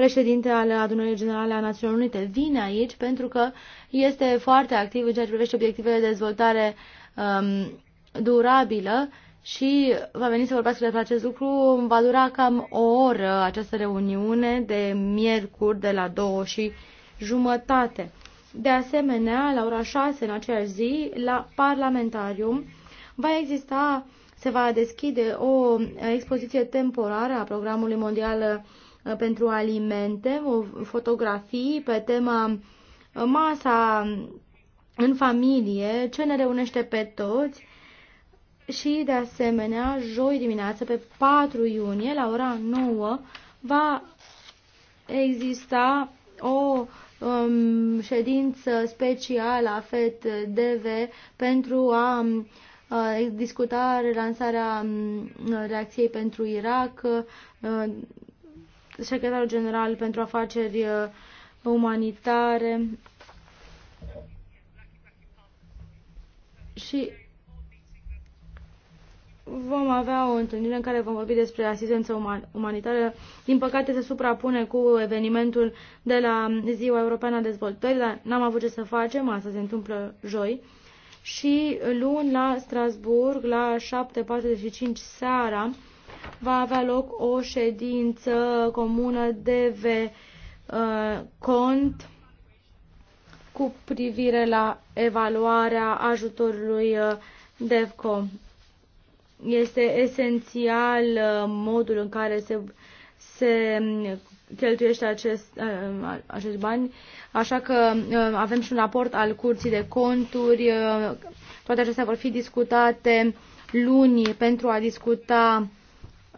președinte al Adunării Generale a Națiunilor Unite. Vine aici pentru că este foarte activ în ceea ce privește obiectivele de dezvoltare um, durabilă și va veni să vorbească despre acest lucru. Va dura cam o oră această reuniune de miercuri de la două și jumătate. De asemenea, la ora 6 în aceeași zi, la Parlamentarium, va exista, se va deschide o expoziție temporară a Programului Mondial Uh, pentru alimente, o fotografii pe tema uh, masa în familie, ce ne reunește pe toți și, de asemenea, joi dimineață, pe 4 iunie, la ora 9, va exista o um, ședință specială a FED-DV pentru a uh, discuta relansarea um, reacției pentru Irak, uh, secretarul general pentru afaceri uh, umanitare. Și vom avea o întâlnire în care vom vorbi despre asistență uman umanitară. Din păcate se suprapune cu evenimentul de la Ziua Europeană a Dezvoltării, dar n-am avut ce să facem, asta se întâmplă joi. Și luni la Strasburg, la 7.45 seara, va avea loc o ședință comună DV uh, cont cu privire la evaluarea ajutorului uh, DEVCO. Este esențial uh, modul în care se, se um, cheltuiește acest, uh, acest bani, așa că avem și un raport al Curții de Conturi. Toate acestea vor fi discutate luni pentru a discuta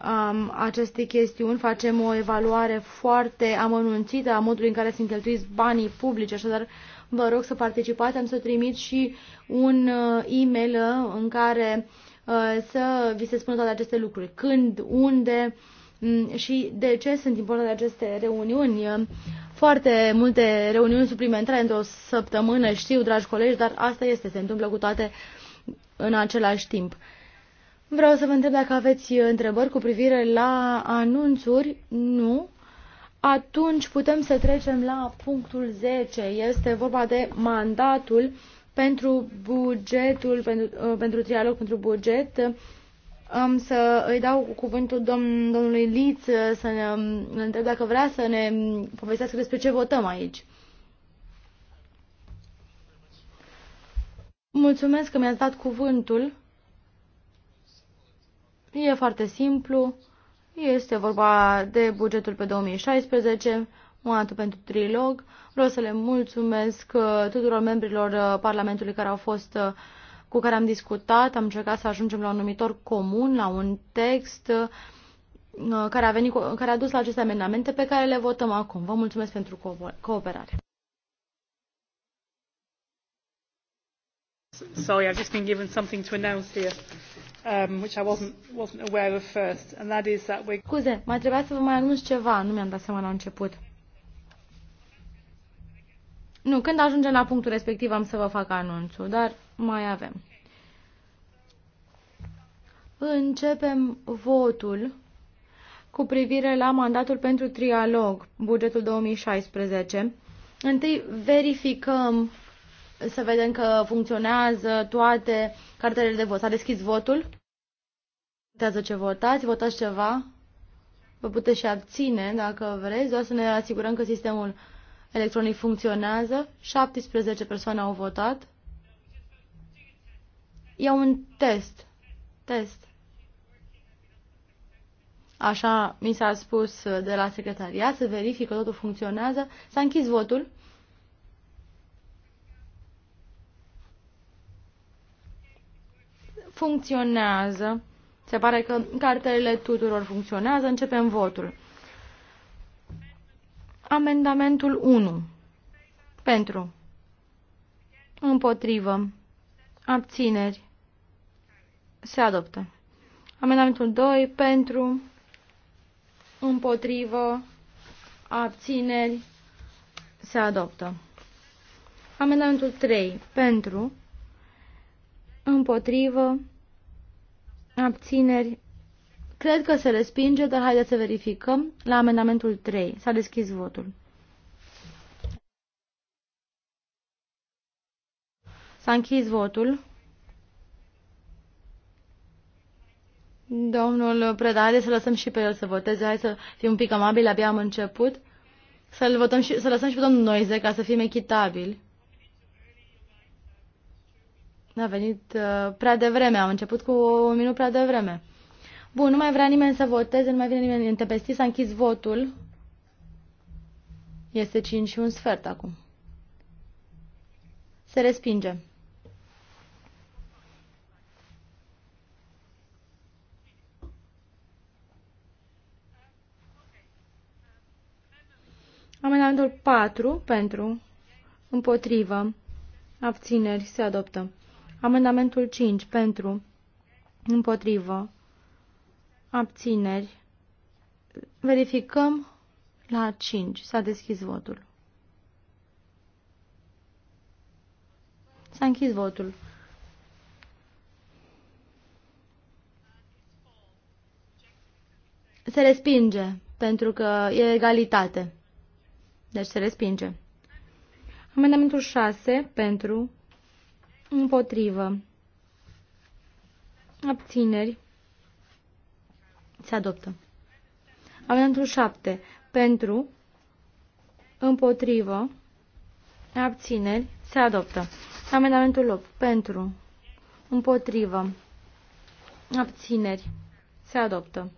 um, aceste chestiuni, facem o evaluare foarte amănunțită a modului în care sunt cheltuiți banii publici, așadar vă rog să participați, am să trimit și un uh, e-mail uh, în care uh, să vi se spună toate aceste lucruri, când, unde mm, și de ce sunt importante aceste reuniuni. Foarte multe reuniuni suplimentare într-o săptămână, știu, dragi colegi, dar asta este, se întâmplă cu toate în același timp. Vreau să vă întreb dacă aveți uh, întrebări cu privire la anunțuri. Nu. Atunci putem să trecem la punctul 10. Este vorba de mandatul pentru bugetul, pentru, uh, pentru trialog, pentru buget. Am să îi dau cuvântul domn, domnului Liț uh, să ne, um, întreb dacă vrea să ne povestească despre ce votăm aici. Mulțumesc că mi-ați dat cuvântul. E foarte simplu. Este vorba de bugetul pe 2016, momentul pentru trilog. Vreau să le mulțumesc uh, tuturor membrilor uh, Parlamentului care au fost uh, cu care am discutat, am încercat să ajungem la un numitor comun, la un text care a, venit, care a dus la aceste amendamente pe care le votăm acum. Vă mulțumesc pentru cooperare. Sorry, I've just been given something to announce here. Um, which I wasn't, wasn't aware of first, and that is that we're... Scuze, mai trebuia să vă mai anunț ceva, nu mi-am dat seama la început. Nu, când ajungem la punctul respectiv am să vă fac anunțul, dar mai avem. Începem votul cu privire la mandatul pentru trialog, bugetul 2016. Întâi verificăm să vedem că funcționează toate uh, cartelele de vot. S-a deschis votul. Contează ce votați, votați ceva. Vă puteți și abține dacă vreți, doar să ne asigurăm că sistemul electronic funcționează. 17 persoane au votat. E un test. Test. Așa mi s-a spus de la secretariat, să verifică totul funcționează. S-a închis votul. funcționează. Se pare că cartelele tuturor funcționează. Începem votul. Amendamentul 1. Pentru. Împotrivă. Abțineri. Se adoptă. Amendamentul 2. Pentru. Împotrivă. Abțineri. Se adoptă. Amendamentul 3. Pentru împotrivă, abțineri. Cred că se respinge, dar haideți să verificăm la amendamentul 3. S-a deschis votul. S-a închis votul. Domnul Preda, haideți să lăsăm și pe el să voteze, hai să fim un pic amabili, abia am început. Să-l votăm și, să lăsăm și pe domnul Noize ca să fim echitabili. A venit uh, prea devreme, am început cu un minut prea devreme. Bun, nu mai vrea nimeni să voteze, nu mai vine nimeni în tempestit, s-a închis votul. Este 5 și un sfert acum. Se respinge. Amendamentul 4 pentru, împotrivă, abțineri, se adoptă. Amendamentul 5 pentru, împotrivă, abțineri. Verificăm la 5. S-a deschis votul. S-a închis votul. Se respinge, pentru că e egalitate. Deci se respinge. Amendamentul 6 pentru Împotrivă. Abțineri. Se adoptă. Amendamentul 7. Pentru. Împotrivă. Abțineri. Se adoptă. Amendamentul 8. Pentru. Împotrivă. Abțineri. Se adoptă.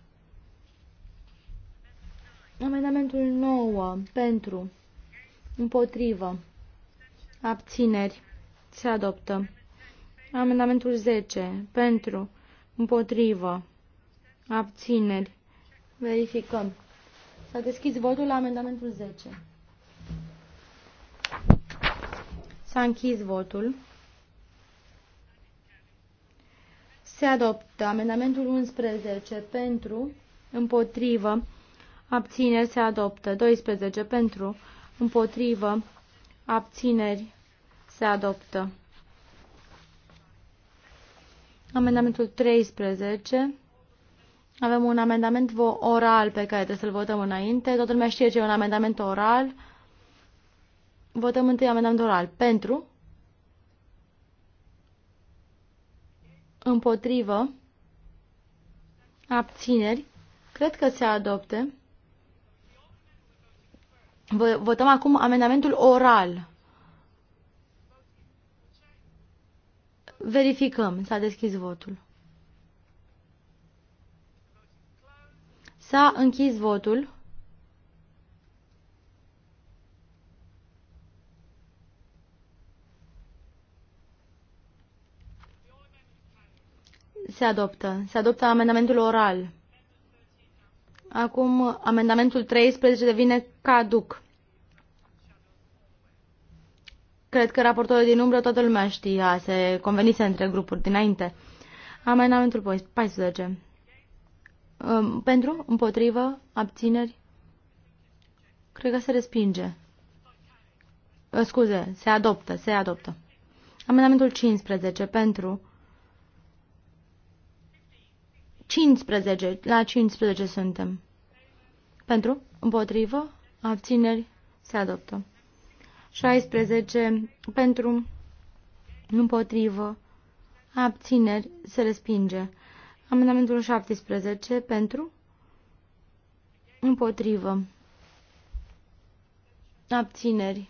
Amendamentul 9. Pentru. Împotrivă. Abțineri. Se adoptă. Amendamentul 10. Pentru. Împotrivă. Abțineri. Verificăm. S-a deschis votul la amendamentul 10. S-a închis votul. Se adoptă amendamentul 11 pentru, împotrivă, abțineri se adoptă, 12 pentru, împotrivă, abțineri se adoptă. Amendamentul 13. Avem un amendament oral pe care trebuie să-l votăm înainte. Toată lumea știe ce e un amendament oral. Votăm întâi amendament oral. Pentru. Împotrivă. Abțineri. Cred că se adopte. Votăm acum amendamentul oral. Verificăm. S-a deschis votul. S-a închis votul. Se adoptă. Se adoptă amendamentul oral. Acum amendamentul 13 devine caduc. Cred că raportorul din umbră toată lumea știa, se convenise între grupuri dinainte. Amendamentul 14. Um, pentru, împotrivă, abțineri, cred că se respinge. Uh, scuze, se adoptă, se adoptă. Amendamentul 15 pentru 15, la 15 suntem. Pentru, împotrivă, abțineri, se adoptă. 16 pentru, împotrivă, abțineri, se respinge. Amendamentul 17 pentru, împotrivă, abțineri.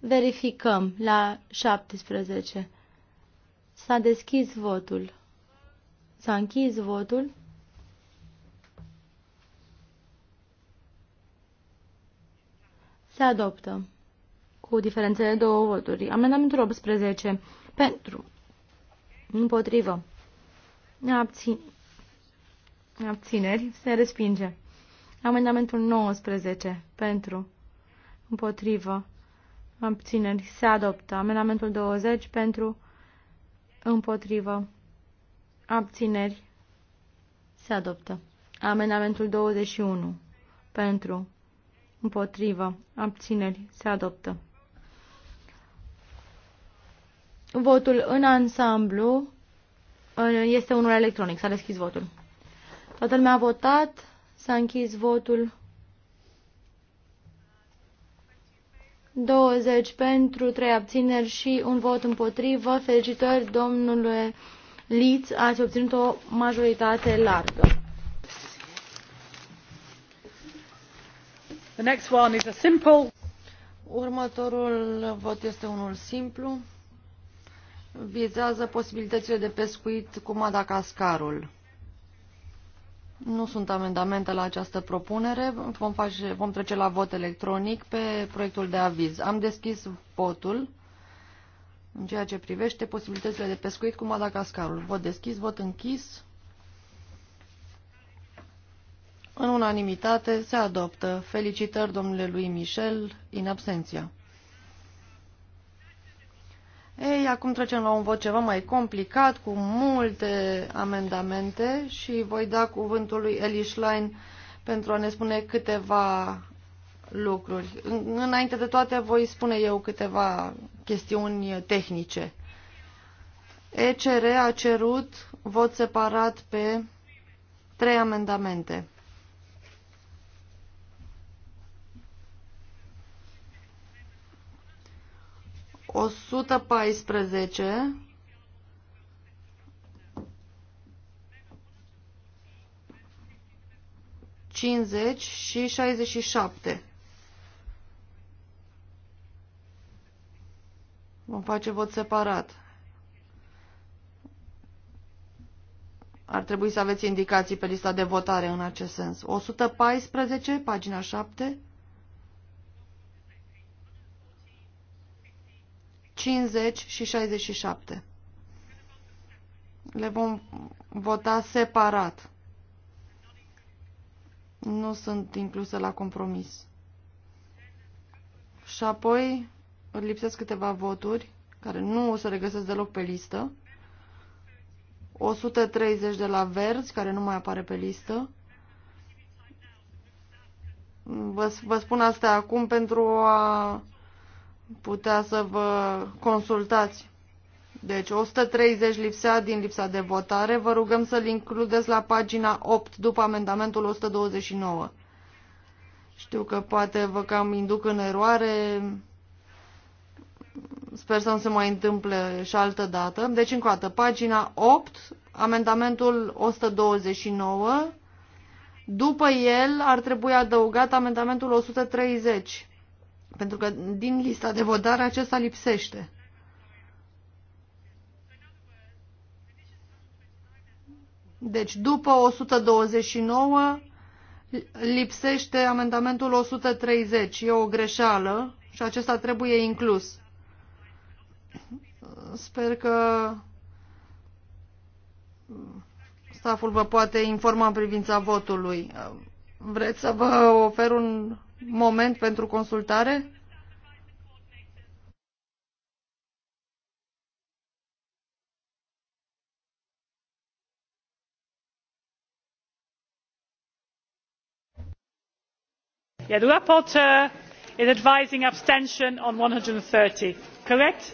Verificăm la 17. S-a deschis votul. S-a închis votul. Se adoptă cu diferențele două voturi. Amendamentul 18 pentru, împotrivă, abțin, abțineri, se respinge. Amendamentul 19 pentru, împotrivă, abțineri, se adoptă. Amendamentul 20 pentru, împotrivă, abțineri, se adoptă. Amendamentul 21 pentru, Împotrivă. Abțineri. Se adoptă. Votul în ansamblu uh, este unul electronic. S-a deschis votul. Toată lumea a votat. S-a închis votul. 20 pentru, 3 abțineri și un vot împotrivă. Felicitări, domnule Liț, ați obținut o majoritate largă. The next one is a simple. Următorul vot este unul simplu. Vizează posibilitățile de pescuit cu Madagascarul. Nu sunt amendamente la această propunere. Vom, face, vom trece la vot electronic pe proiectul de aviz. Am deschis votul în ceea ce privește posibilitățile de pescuit cu Madagascarul. Vot deschis, vot închis. În unanimitate se adoptă. Felicitări domnule lui Michel, in absenția. Ei, acum trecem la un vot ceva mai complicat, cu multe amendamente și voi da cuvântul lui Eli Schlein pentru a ne spune câteva lucruri. Înainte de toate voi spune eu câteva chestiuni tehnice. ECR a cerut vot separat pe trei amendamente. 114 50 și 67. Vom face vot separat. Ar trebui să aveți indicații pe lista de votare în acest sens. 114, pagina 7. 50 și 67. Le vom vota separat. Nu sunt incluse la compromis. Și apoi lipsesc câteva voturi care nu o să regăsesc deloc pe listă. 130 de la Verzi, care nu mai apare pe listă. Vă, vă spun asta acum pentru a putea să vă consultați. Deci 130 lipsea din lipsa de votare. Vă rugăm să-l includeți la pagina 8 după amendamentul 129. Știu că poate vă cam induc în eroare. Sper să nu se mai întâmple și altă dată. Deci încă o dată, pagina 8, amendamentul 129. După el ar trebui adăugat amendamentul 130 pentru că din lista de votare acesta lipsește. Deci după 129 lipsește amendamentul 130. E o greșeală și acesta trebuie inclus. Sper că staful vă poate informa în privința votului. Vreți să vă ofer un moment pentru consultare? Yeah, the rapporteur is advising abstention on 130, correct?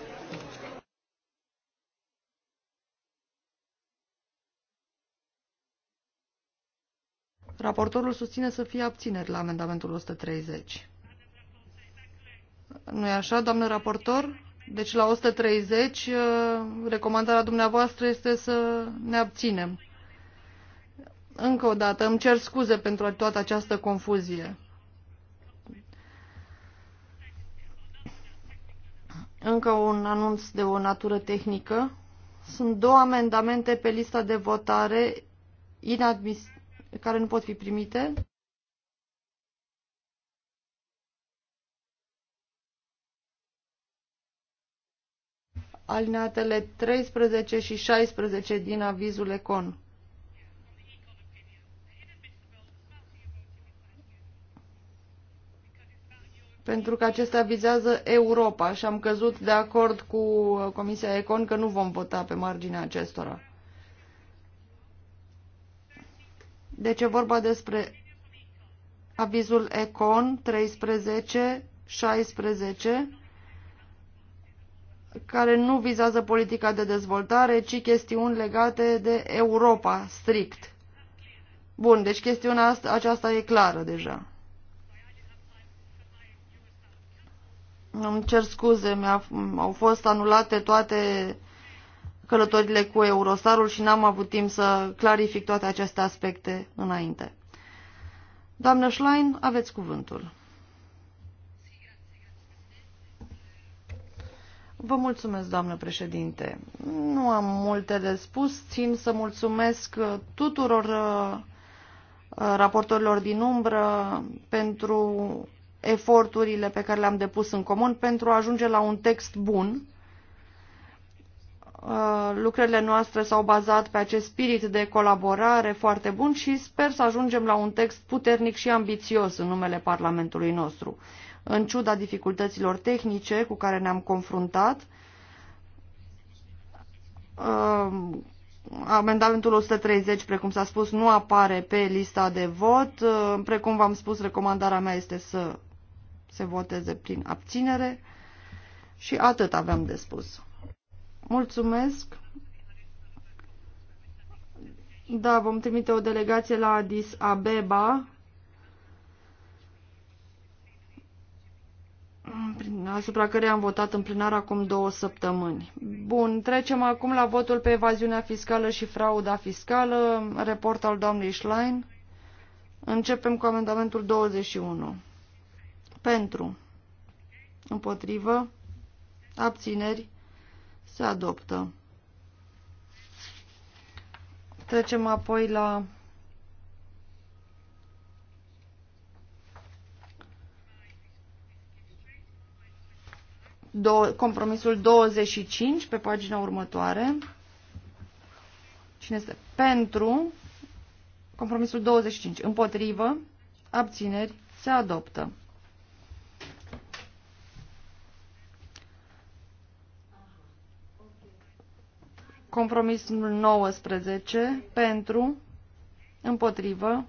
Raportorul susține să fie abțineri la amendamentul 130. nu e așa, doamnă raportor? Deci la 130, uh, recomandarea dumneavoastră este să ne abținem. Încă o dată, îmi cer scuze pentru toată această confuzie. Încă un anunț de o natură tehnică. Sunt două amendamente pe lista de votare inadmisibile care nu pot fi primite. alineatele 13 și 16 din avizul Econ. Pentru că acestea vizează Europa și am căzut de acord cu Comisia Econ că nu vom vota pe marginea acestora. Deci e vorba despre avizul Econ 13 16 care nu vizează politica de dezvoltare, ci chestiuni legate de Europa, strict. Bun, deci chestiunea asta, aceasta e clară deja. Îmi cer scuze, mi-au fost anulate toate călătorile cu Eurostarul și n-am avut timp să clarific toate aceste aspecte înainte. Doamnă Schlein, aveți cuvântul. Vă mulțumesc, doamnă președinte. Nu am multe de spus. Țin să mulțumesc tuturor uh, raportorilor din umbră pentru eforturile pe care le-am depus în comun pentru a ajunge la un text bun Uh, lucrările noastre s-au bazat pe acest spirit de colaborare foarte bun și sper să ajungem la un text puternic și ambițios în numele Parlamentului nostru. În ciuda dificultăților tehnice cu care ne-am confruntat, uh, amendamentul 130, precum s-a spus, nu apare pe lista de vot. Uh, precum v-am spus, recomandarea mea este să se voteze prin abținere și atât aveam de spus. Mulțumesc. Da, vom trimite o delegație la Addis Abeba. asupra care am votat în plenar acum două săptămâni. Bun, trecem acum la votul pe evaziunea fiscală și frauda fiscală, report al doamnei Schlein. Începem cu amendamentul 21. Pentru. Împotrivă. Abțineri. Se adoptă. Trecem apoi la do compromisul 25 pe pagina următoare. Cine este pentru? Compromisul 25. Împotrivă? Abțineri? Se adoptă. Compromisul 19 pentru, împotrivă,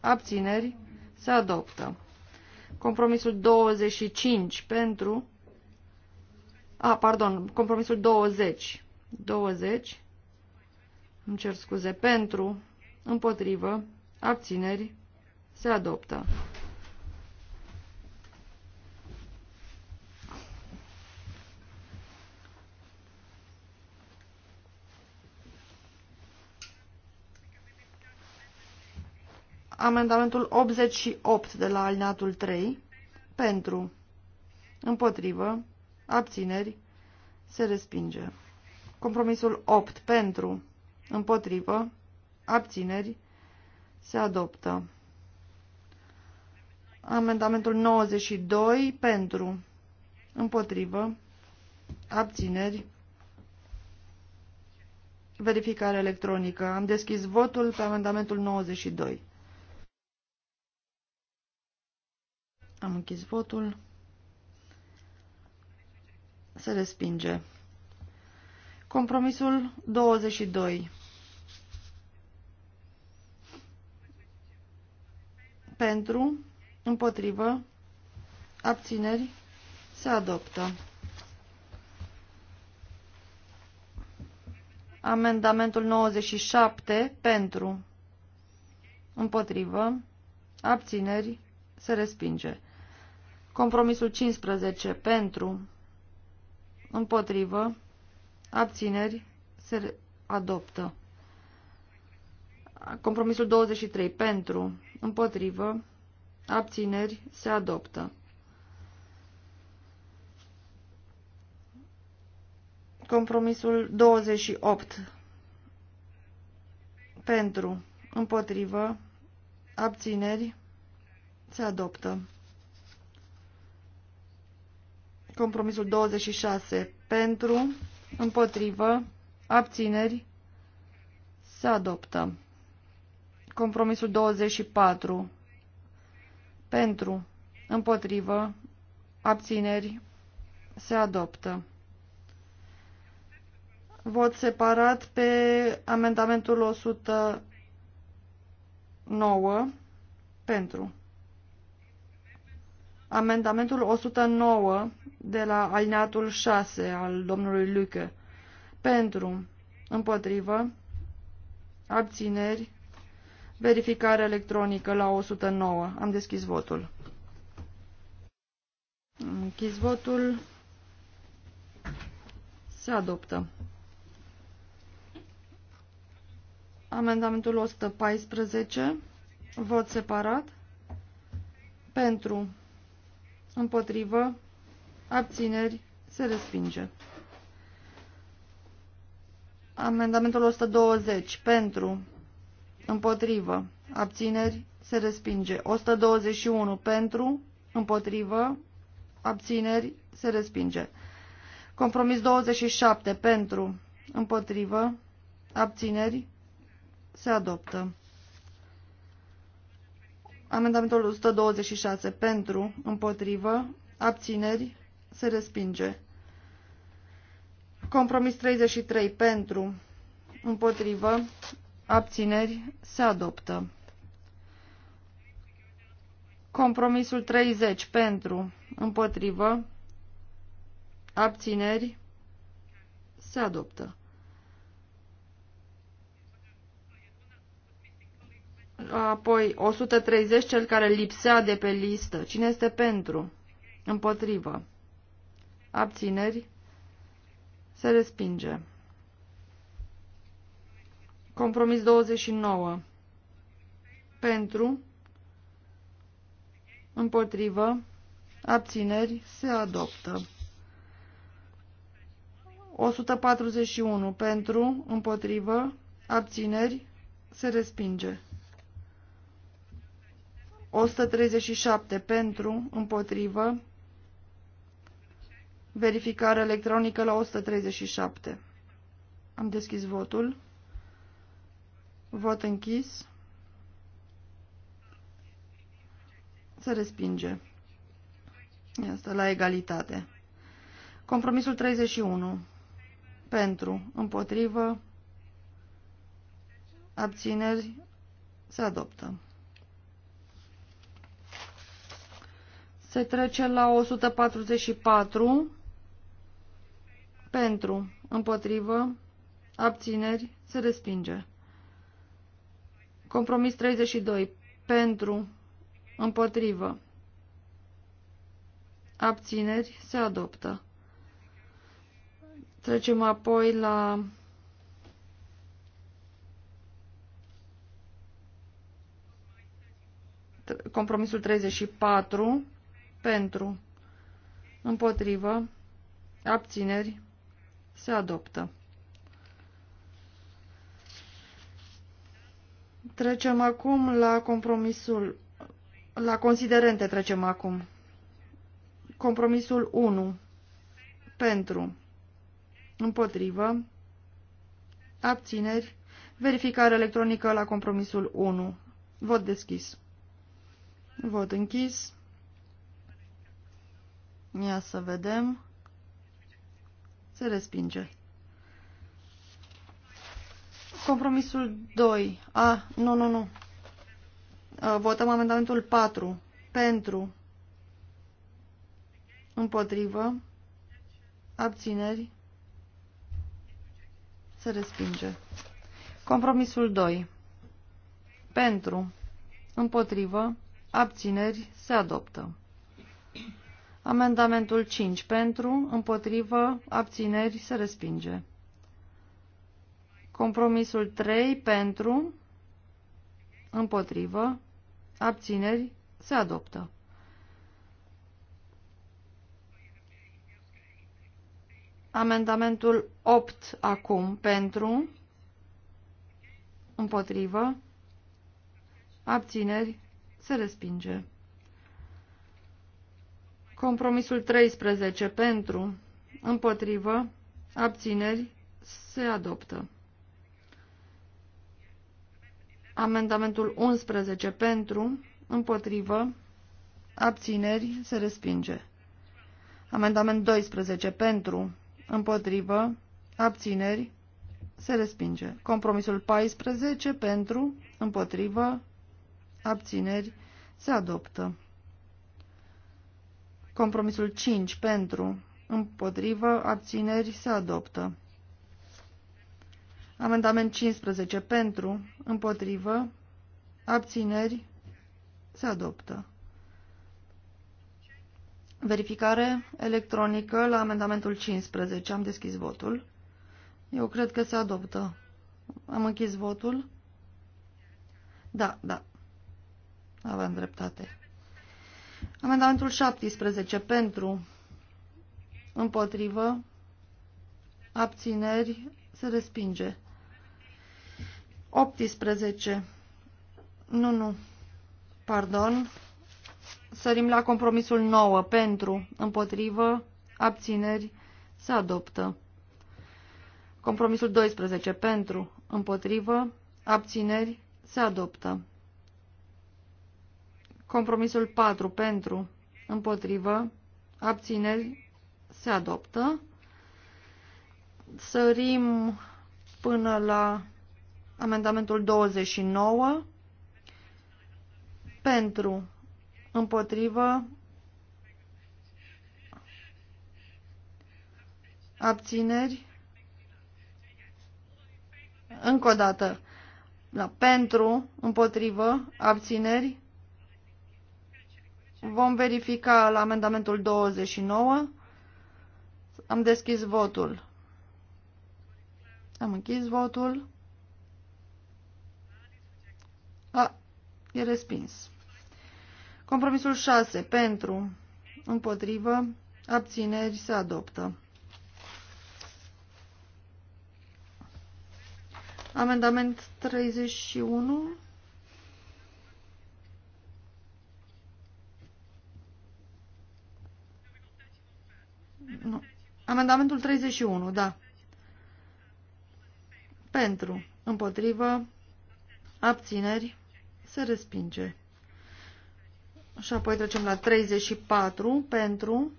abțineri, se adoptă. Compromisul 25 pentru, a, pardon, compromisul 20, 20, îmi cer scuze, pentru, împotrivă, abțineri, se adoptă. Amendamentul 88 de la alineatul 3 pentru, împotrivă, abțineri, se respinge. Compromisul 8 pentru, împotrivă, abțineri, se adoptă. Amendamentul 92 pentru, împotrivă, abțineri, verificare electronică. Am deschis votul pe amendamentul 92. Am închis votul. Se respinge. Compromisul 22. Pentru, împotrivă, abțineri, se adoptă. Amendamentul 97 pentru, împotrivă, abțineri, se respinge. Compromisul 15 pentru, împotrivă, abțineri, se adoptă. Compromisul 23 pentru, împotrivă, abțineri, se adoptă. Compromisul 28 pentru, împotrivă, abțineri, se adoptă. Compromisul 26 pentru, împotrivă, abțineri, se adoptă. Compromisul 24 pentru, împotrivă, abțineri, se adoptă. Vot separat pe amendamentul 109 pentru amendamentul 109 de la alineatul 6 al domnului Lucă. Pentru, împotrivă, abțineri, verificare electronică la 109. Am deschis votul. Am închis votul. Se adoptă. Amendamentul 114. Vot separat. Pentru împotrivă, abțineri, se respinge. Amendamentul 120 pentru, împotrivă, abțineri, se respinge. 121 pentru, împotrivă, abțineri, se respinge. Compromis 27 pentru, împotrivă, abțineri, se adoptă. Amendamentul 126 pentru, împotrivă, abțineri, se respinge. Compromis 33 pentru, împotrivă, abțineri, se adoptă. Compromisul 30 pentru, împotrivă, abțineri, se adoptă. Apoi 130, cel care lipsea de pe listă. Cine este pentru? Împotrivă. Abțineri. Se respinge. Compromis 29. Pentru. Împotrivă. Abțineri. Se adoptă. 141. Pentru. Împotrivă. Abțineri. Se respinge. 137 pentru, împotrivă, verificare electronică la 137. Am deschis votul. Vot închis. Se respinge. Asta la egalitate. Compromisul 31. Pentru, împotrivă, abțineri, se adoptă. Se trece la 144 pentru, împotrivă, abțineri, se respinge. Compromis 32 pentru, împotrivă, abțineri, se adoptă. Trecem apoi la compromisul 34 pentru. Împotrivă. Abțineri. Se adoptă. Trecem acum la compromisul, la considerente trecem acum. Compromisul 1. Pentru. Împotrivă. Abțineri. Verificare electronică la compromisul 1. Vot deschis. Vot închis. Ia să vedem. Se respinge. Compromisul 2. A, nu, nu, nu. Votăm amendamentul 4. Pentru. Împotrivă. Abțineri. Se respinge. Compromisul 2. Pentru. Împotrivă. Abțineri. Se adoptă. Amendamentul 5 pentru, împotrivă, abțineri, se respinge. Compromisul 3 pentru, împotrivă, abțineri, se adoptă. Amendamentul 8 acum pentru, împotrivă, abțineri, se respinge. Compromisul 13 pentru, împotrivă, abțineri, se adoptă. Amendamentul 11 pentru, împotrivă, abțineri, se respinge. Amendament 12 pentru, împotrivă, abțineri, se respinge. Compromisul 14 pentru, împotrivă, abțineri, se adoptă. Compromisul 5 pentru, împotrivă, abțineri se adoptă. Amendament 15 pentru, împotrivă, abțineri se adoptă. Verificare electronică la amendamentul 15. Am deschis votul. Eu cred că se adoptă. Am închis votul. Da, da. Aveam dreptate. Amendamentul 17 pentru, împotrivă, abțineri, se respinge. 18. Nu, nu. Pardon. Sărim la compromisul 9. Pentru, împotrivă, abțineri, se adoptă. Compromisul 12. Pentru, împotrivă, abțineri, se adoptă. Compromisul 4 pentru, împotrivă, abțineri, se adoptă. Sărim până la amendamentul 29 pentru, împotrivă, abțineri, încă o dată, la pentru, împotrivă, abțineri, Vom verifica la amendamentul 29. Am deschis votul. Am închis votul. A, e respins. Compromisul 6. Pentru, împotrivă, abțineri se adoptă. Amendament 31. Nu. Amendamentul 31, da. Pentru, împotrivă, abțineri, se respinge. Și apoi trecem la 34, pentru,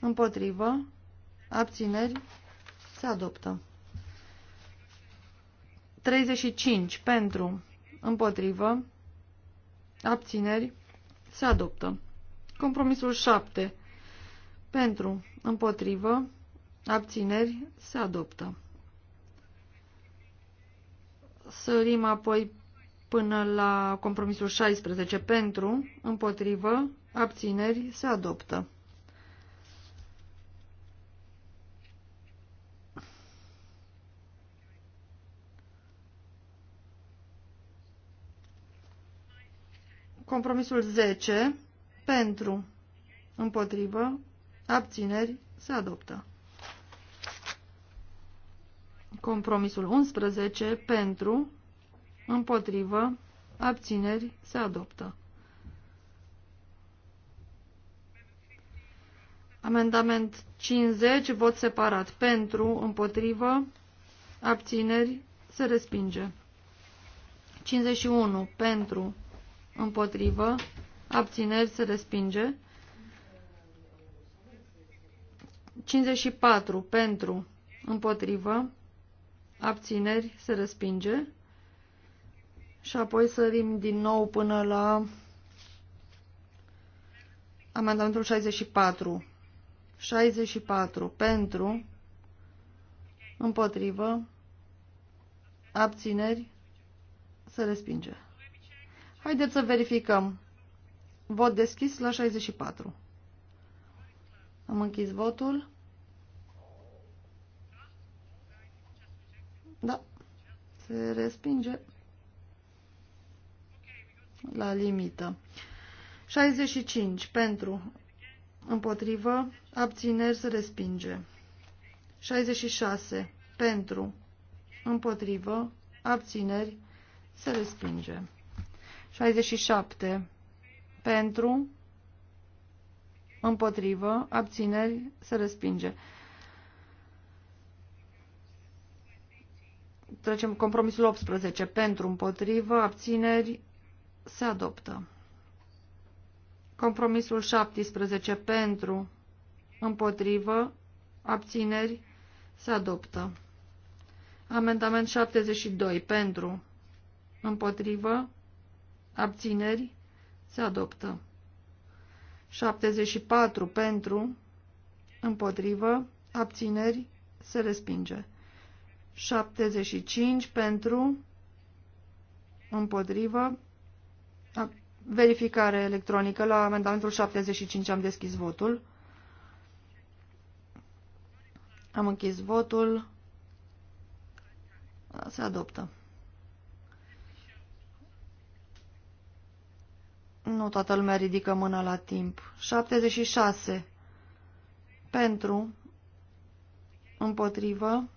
împotrivă, abțineri, se adoptă. 35, pentru, împotrivă, abțineri, se adoptă. Compromisul 7, pentru, împotrivă, abțineri, se adoptă. Sărim apoi până la compromisul 16. Pentru, împotrivă, abțineri, se adoptă. Compromisul 10. Pentru, împotrivă, abțineri, se adoptă. Compromisul 11 pentru, împotrivă, abțineri, se adoptă. Amendament 50, vot separat pentru, împotrivă, abțineri, se respinge. 51 pentru, împotrivă, abțineri, se respinge. 54 pentru, împotrivă, abțineri, se respinge. Și apoi sărim din nou până la amendamentul 64. 64 pentru, împotrivă, abțineri, se respinge. Haideți să verificăm. Vot deschis la 64. Am închis votul. Da. Se respinge la limită. 65 pentru, împotrivă, abțineri se respinge. 66 pentru, împotrivă, abțineri se respinge. 67 pentru, împotrivă, abțineri, se respinge. Trecem compromisul 18. Pentru, împotrivă, abțineri, se adoptă. Compromisul 17. Pentru, împotrivă, abțineri, se adoptă. Amendament 72. Pentru, împotrivă, abțineri, se adoptă. 74 pentru, împotrivă, abțineri, se respinge. 75 pentru, împotrivă, verificare electronică la amendamentul 75 am deschis votul. Am închis votul. Se adoptă. Nu toată lumea ridică mâna la timp. 76. Pentru. Împotrivă.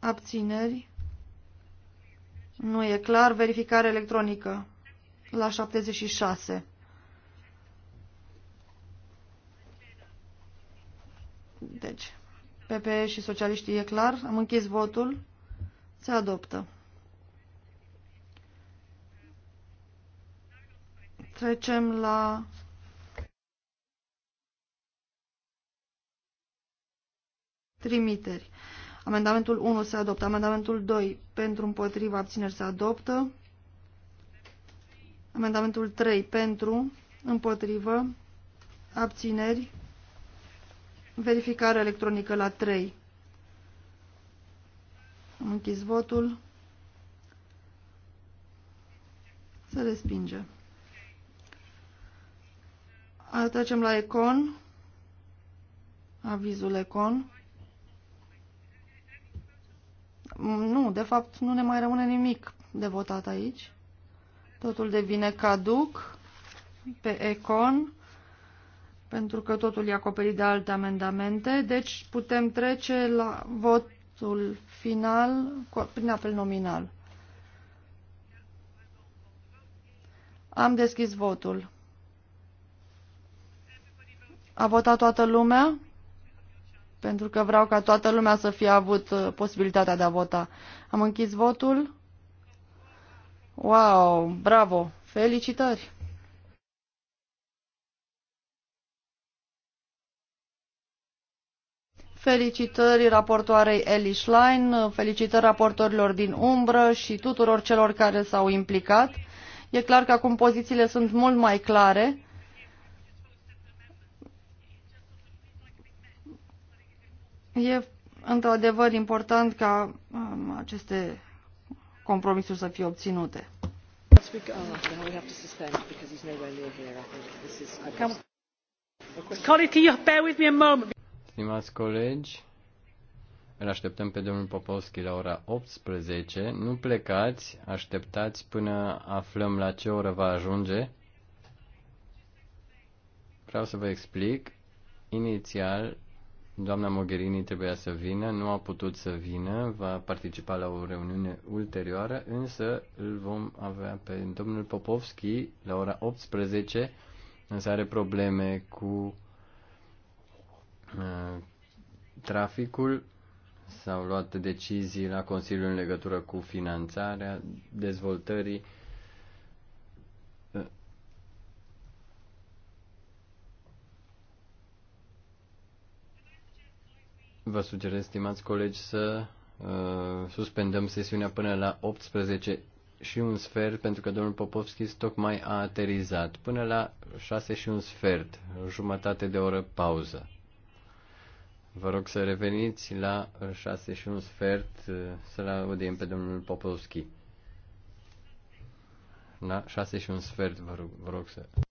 Abțineri. Nu e clar. Verificare electronică. La 76. Deci, PPE și socialiștii e clar. Am închis votul. Se adoptă. Trecem la trimiteri. Amendamentul 1 se adoptă. Amendamentul 2 pentru împotriva abțineri se adoptă. Amendamentul 3 pentru împotrivă abțineri. Verificare electronică la 3. Am închis votul. Se respinge trecem la Econ. Avizul Econ. Nu, de fapt nu ne mai rămâne nimic de votat aici. Totul devine caduc pe Econ pentru că totul e acoperit de alte amendamente. Deci putem trece la votul final prin apel nominal. Am deschis votul. A votat toată lumea? Pentru că vreau ca toată lumea să fie avut uh, posibilitatea de a vota. Am închis votul. Wow, bravo! Felicitări! Felicitări raportoarei Eli Schlein, felicitări raportorilor din umbră și tuturor celor care s-au implicat. E clar că acum pozițiile sunt mult mai clare E într-adevăr important ca um, aceste compromisuri să fie obținute. Stimați colegi, îl așteptăm pe domnul Popovski la ora 18. Nu plecați, așteptați până aflăm la ce oră va ajunge. Vreau să vă explic. Inițial, Doamna Mogherini trebuia să vină, nu a putut să vină, va participa la o reuniune ulterioară, însă îl vom avea pe domnul Popovski la ora 18, însă are probleme cu uh, traficul, s-au luat decizii la Consiliul în legătură cu finanțarea dezvoltării Vă sugerez, stimați colegi, să uh, suspendăm sesiunea până la 18 și un sfert, pentru că domnul Popovski tocmai a aterizat. Până la 6 și un sfert, jumătate de oră pauză. Vă rog să reveniți la 6 și un sfert uh, să-l audiem pe domnul Popovski. La 6 și un sfert, vă rog, vă rog să...